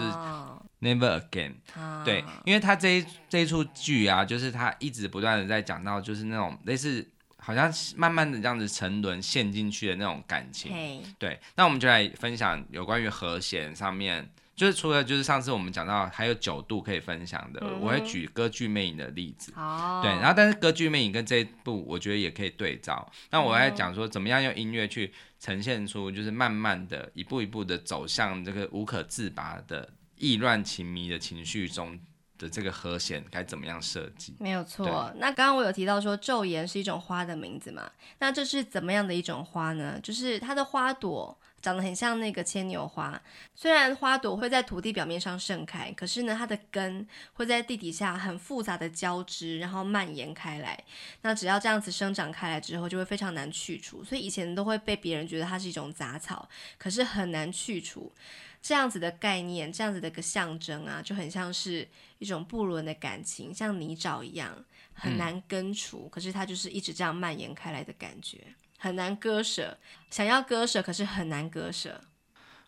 Never Again、哦。對，因為它這一這一出劇啊，就是它一直不斷的在講到，就是那種類似好像慢慢的這樣子沉淪陷進去的那種感情。對，那我們就來分享有關於和弦上面。就是除了就是上次我們講到還有九度可以分享的。嗯、我會舉《歌劇魅影》的例子好，對，然後但是《歌劇魅影》跟這一部我覺得也可以對照。嗯、那我還講說怎麼樣用音樂去呈現出就是慢慢的一步一步的走向這個無可自拔的意亂情迷的情緒中的這個和弦該怎麼樣設
計？沒有錯。那剛剛我有提到說“晝顏”是一種花的名字嘛？那這是怎麼樣的一種花呢？就是它的花朵長得很像那個牽牛花，雖然花朵會在土地表面上盛開，可是呢，它的根會在地底下很複雜的交織，然後蔓延開來。那只要這樣子生長開來之後，就會非常難去除，所以以前都會被別人覺得它是一種雜草，可是很難去除。這樣子的概念，這樣子的一個象徵啊，就很像是一種不倫的感情，像泥沼一樣很難根除。嗯，可是它就是一直這樣蔓延開來的感覺。很難割舍，想要割舍，可是很難割舍。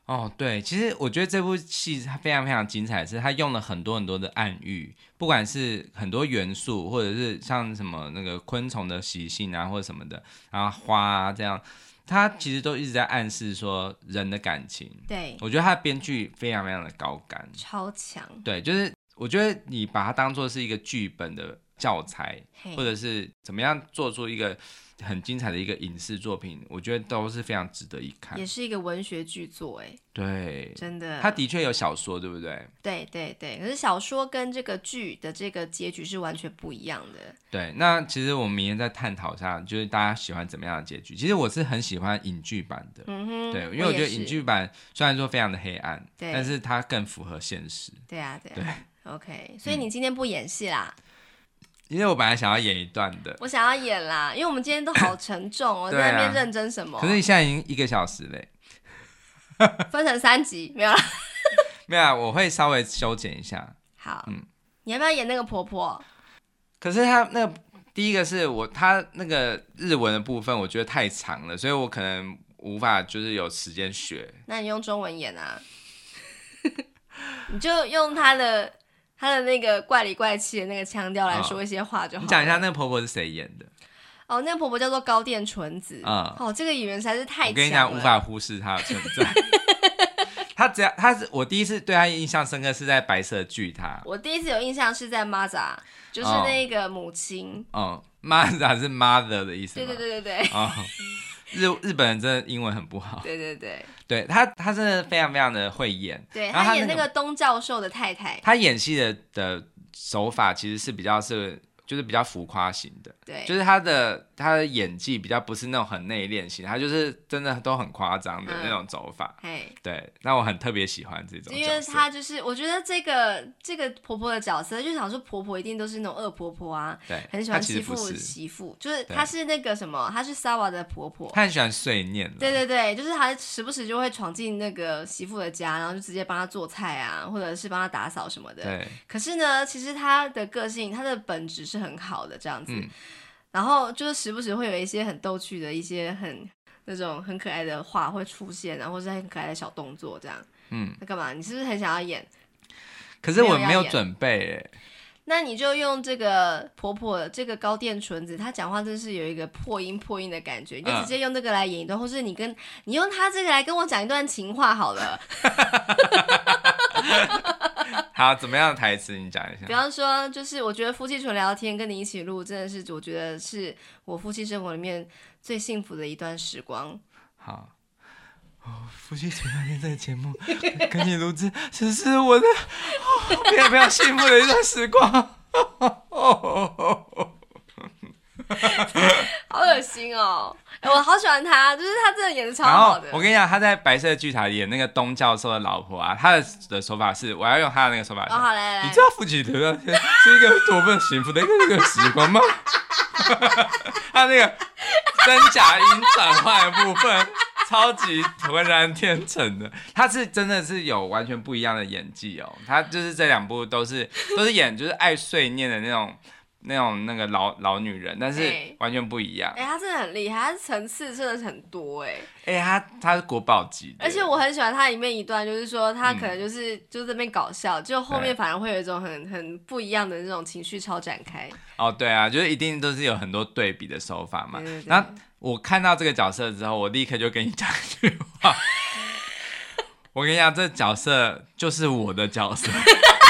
哦，對，其實我覺得這部戲它非常非常精彩，是它用了很多很多的暗喻，不管是很多元素，或者是像什麼那個昆蟲的習性啊，或者什麼的，然後花啊這樣，它其實都一直在暗示說人的感情。對，我覺得他的編劇非常非常的高竿，
超強。對，
就是我覺得你把它當作是一個劇本的教材，或者是怎麼樣做出一個。很精彩的一個影視作品，我覺得都是非常值得一看，也
是一個文學巨作，欸，哎，
對，真的，它的確有小說，對不對？
對對對，可是小說跟這個劇的這個結局是完全不一樣的。
對，那其實我們明天再探討一下，就是大家喜歡怎麼樣的結局？其實我是很喜歡影劇版的，嗯哼，對，因為我覺得影劇版雖然說非常的黑暗，對，但是它更符合現實。
對啊，對啊，對，OK，所以你今天不演戲啦？嗯
因為我本來想要演一段的，
我想要演啦，因為我們今天都好沉重哦， [COUGHS] 我在那邊認真什麼。可是你
現在已經一個小時嘞。
[LAUGHS] 分成三集沒有啦
[LAUGHS] 沒有啦，我會稍微修剪一下。好，嗯，
你要不要演那個婆婆？
可是他那個第一個是我他那個日文的部分，我覺得太長了，所以我可能無法就是有時間學。
那你用中文演啊， [LAUGHS] 你就用他的。他的那個怪裡怪氣的那個腔調來說一些話就好了、嗯。
你講一下那個婆婆是誰演的？
哦，那個婆婆叫做高畑淳子。啊、嗯，哦，這個演員實在是太了……我跟你講，無法
忽視她的存在。 [LAUGHS] 她只要……她是……我第一次對她印象深刻是在白色巨塔。
我第一次有印象是在媽扎，就是那個母親。嗯，
媽、嗯、扎是 mother 的意思。對對對對對。哦、日日本人真的英文很不好。 [LAUGHS] 對，對對對。對他，他真的非常非常的會演。對，然後他那個，他演那個
東教授的太太，
他演戲的的手法其實是比較是。就是比較浮誇型的，對，就是他的他的演技比較不是那種很內斂型，他就是真的都很誇張的那種走法，嗯，對，那我很特別喜歡這
種，因為他就是我覺得這個這個婆婆的角色，就想說婆婆一定都是那種惡婆婆啊，對，很喜歡欺負媳婦，就是她是那個什麼，她是紗和的婆婆，她很
喜歡碎念了，
對對對，就是她時不時就會闖進那個媳婦的家，然後就直接幫她做菜啊，或者是幫她打掃什麼的，對，可是呢，其實她的個性她的本質是。很好的這樣子，嗯、然後就是時不時會有一些很逗趣的、一些很那種很可愛的話會出現，然後是很可愛的小動作這樣。嗯，那干嘛？你是不是很想要演？可是我沒有準備。那你就用這個婆婆這個高畑淳子，她講話真是有一個破音破音的感覺，嗯、就直接用這個來演一段，或是你跟你用她這個來跟我講一段情話好了。 [LAUGHS] [LAUGHS]
[LAUGHS] 好，怎麼樣的台詞你講一下？比方
說，就是我覺得夫妻純聊天跟你一起錄，真的是我覺得是我夫妻生活裡面最幸福的一段時光。好，
哦、夫妻純聊天這個節目 [LAUGHS] 跟你錄製，這是，是我的
非常非常幸福的一段
時光。 [LAUGHS] [LAUGHS] 哦哦哦哦
[LAUGHS] 好惡心哦！哎、欸，我好喜歡他，就是他真的演得超好的。我
跟你講，他在《白色巨塔》演那個東教授的老婆啊，他的的手法是我要用他的那個手法、哦。你知道夫妻對調是一個多麼幸福的一個時光嗎？ [LAUGHS] [LAUGHS] [LAUGHS] 他那個真假音轉換的部分超級渾然天成的，他是真的是有完全不一樣的演技哦。他就是這兩部都是都是演就是愛碎念的那種。那種那個老老女人，但是完全不一樣。
哎、欸，她真的很厲害，她層次真的是很多哎、
欸。哎、欸，她她是國寶級。
而且我很喜歡她裡面一段，就是說她可能就是、嗯、就這邊搞笑，就後面反而會有一種很很不一樣的那種情緒超展開。
哦，對啊，就是一定都是有很多對比的手法嘛。那我看到這個角色之後，我立刻就跟你講一句話。 [LAUGHS] 我跟你講，這角色就是我的角色。 [LAUGHS]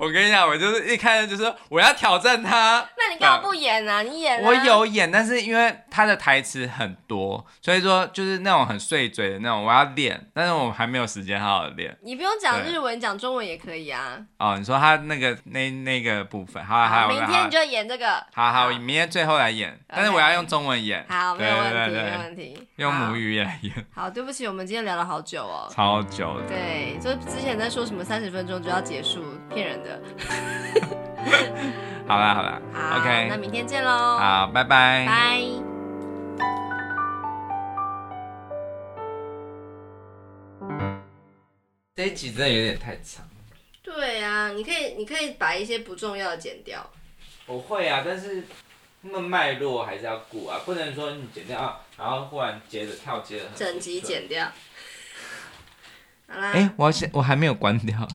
我跟你講，我就是一開始就說我要挑戰他。那
你幹嘛不演啊？啊你演啊。我有演，
但是因為他的台詞很多，所以說就是那種很碎嘴的那種，我要練，但是我還沒有時間好好練。
你不用講日文，講中文也可以
啊。哦，你說他那個那那個部分，好，好，明天你就演這個。好好，好明天最後來演，okay. 但是我要用中文演。好，沒有問題，沒有問題。用母語也來演。好，
[LAUGHS] 好，對不起，我們今天聊了好久哦。
超久。
對，就之前在說什麼三十分鐘就要結束，騙人的。 [LAUGHS] [LAUGHS] 好啦好啦，OK，那明天見嘍。好，拜拜。拜。
這一集真的有點太長。
對啊，你可以你可以把一些不重要的剪掉。
我會啊，但是那麼脈絡還是要顧啊，不能說你剪掉啊，然後忽然接着跳接著整集
剪掉。好啦。哎、欸，我
要先我還沒有關掉。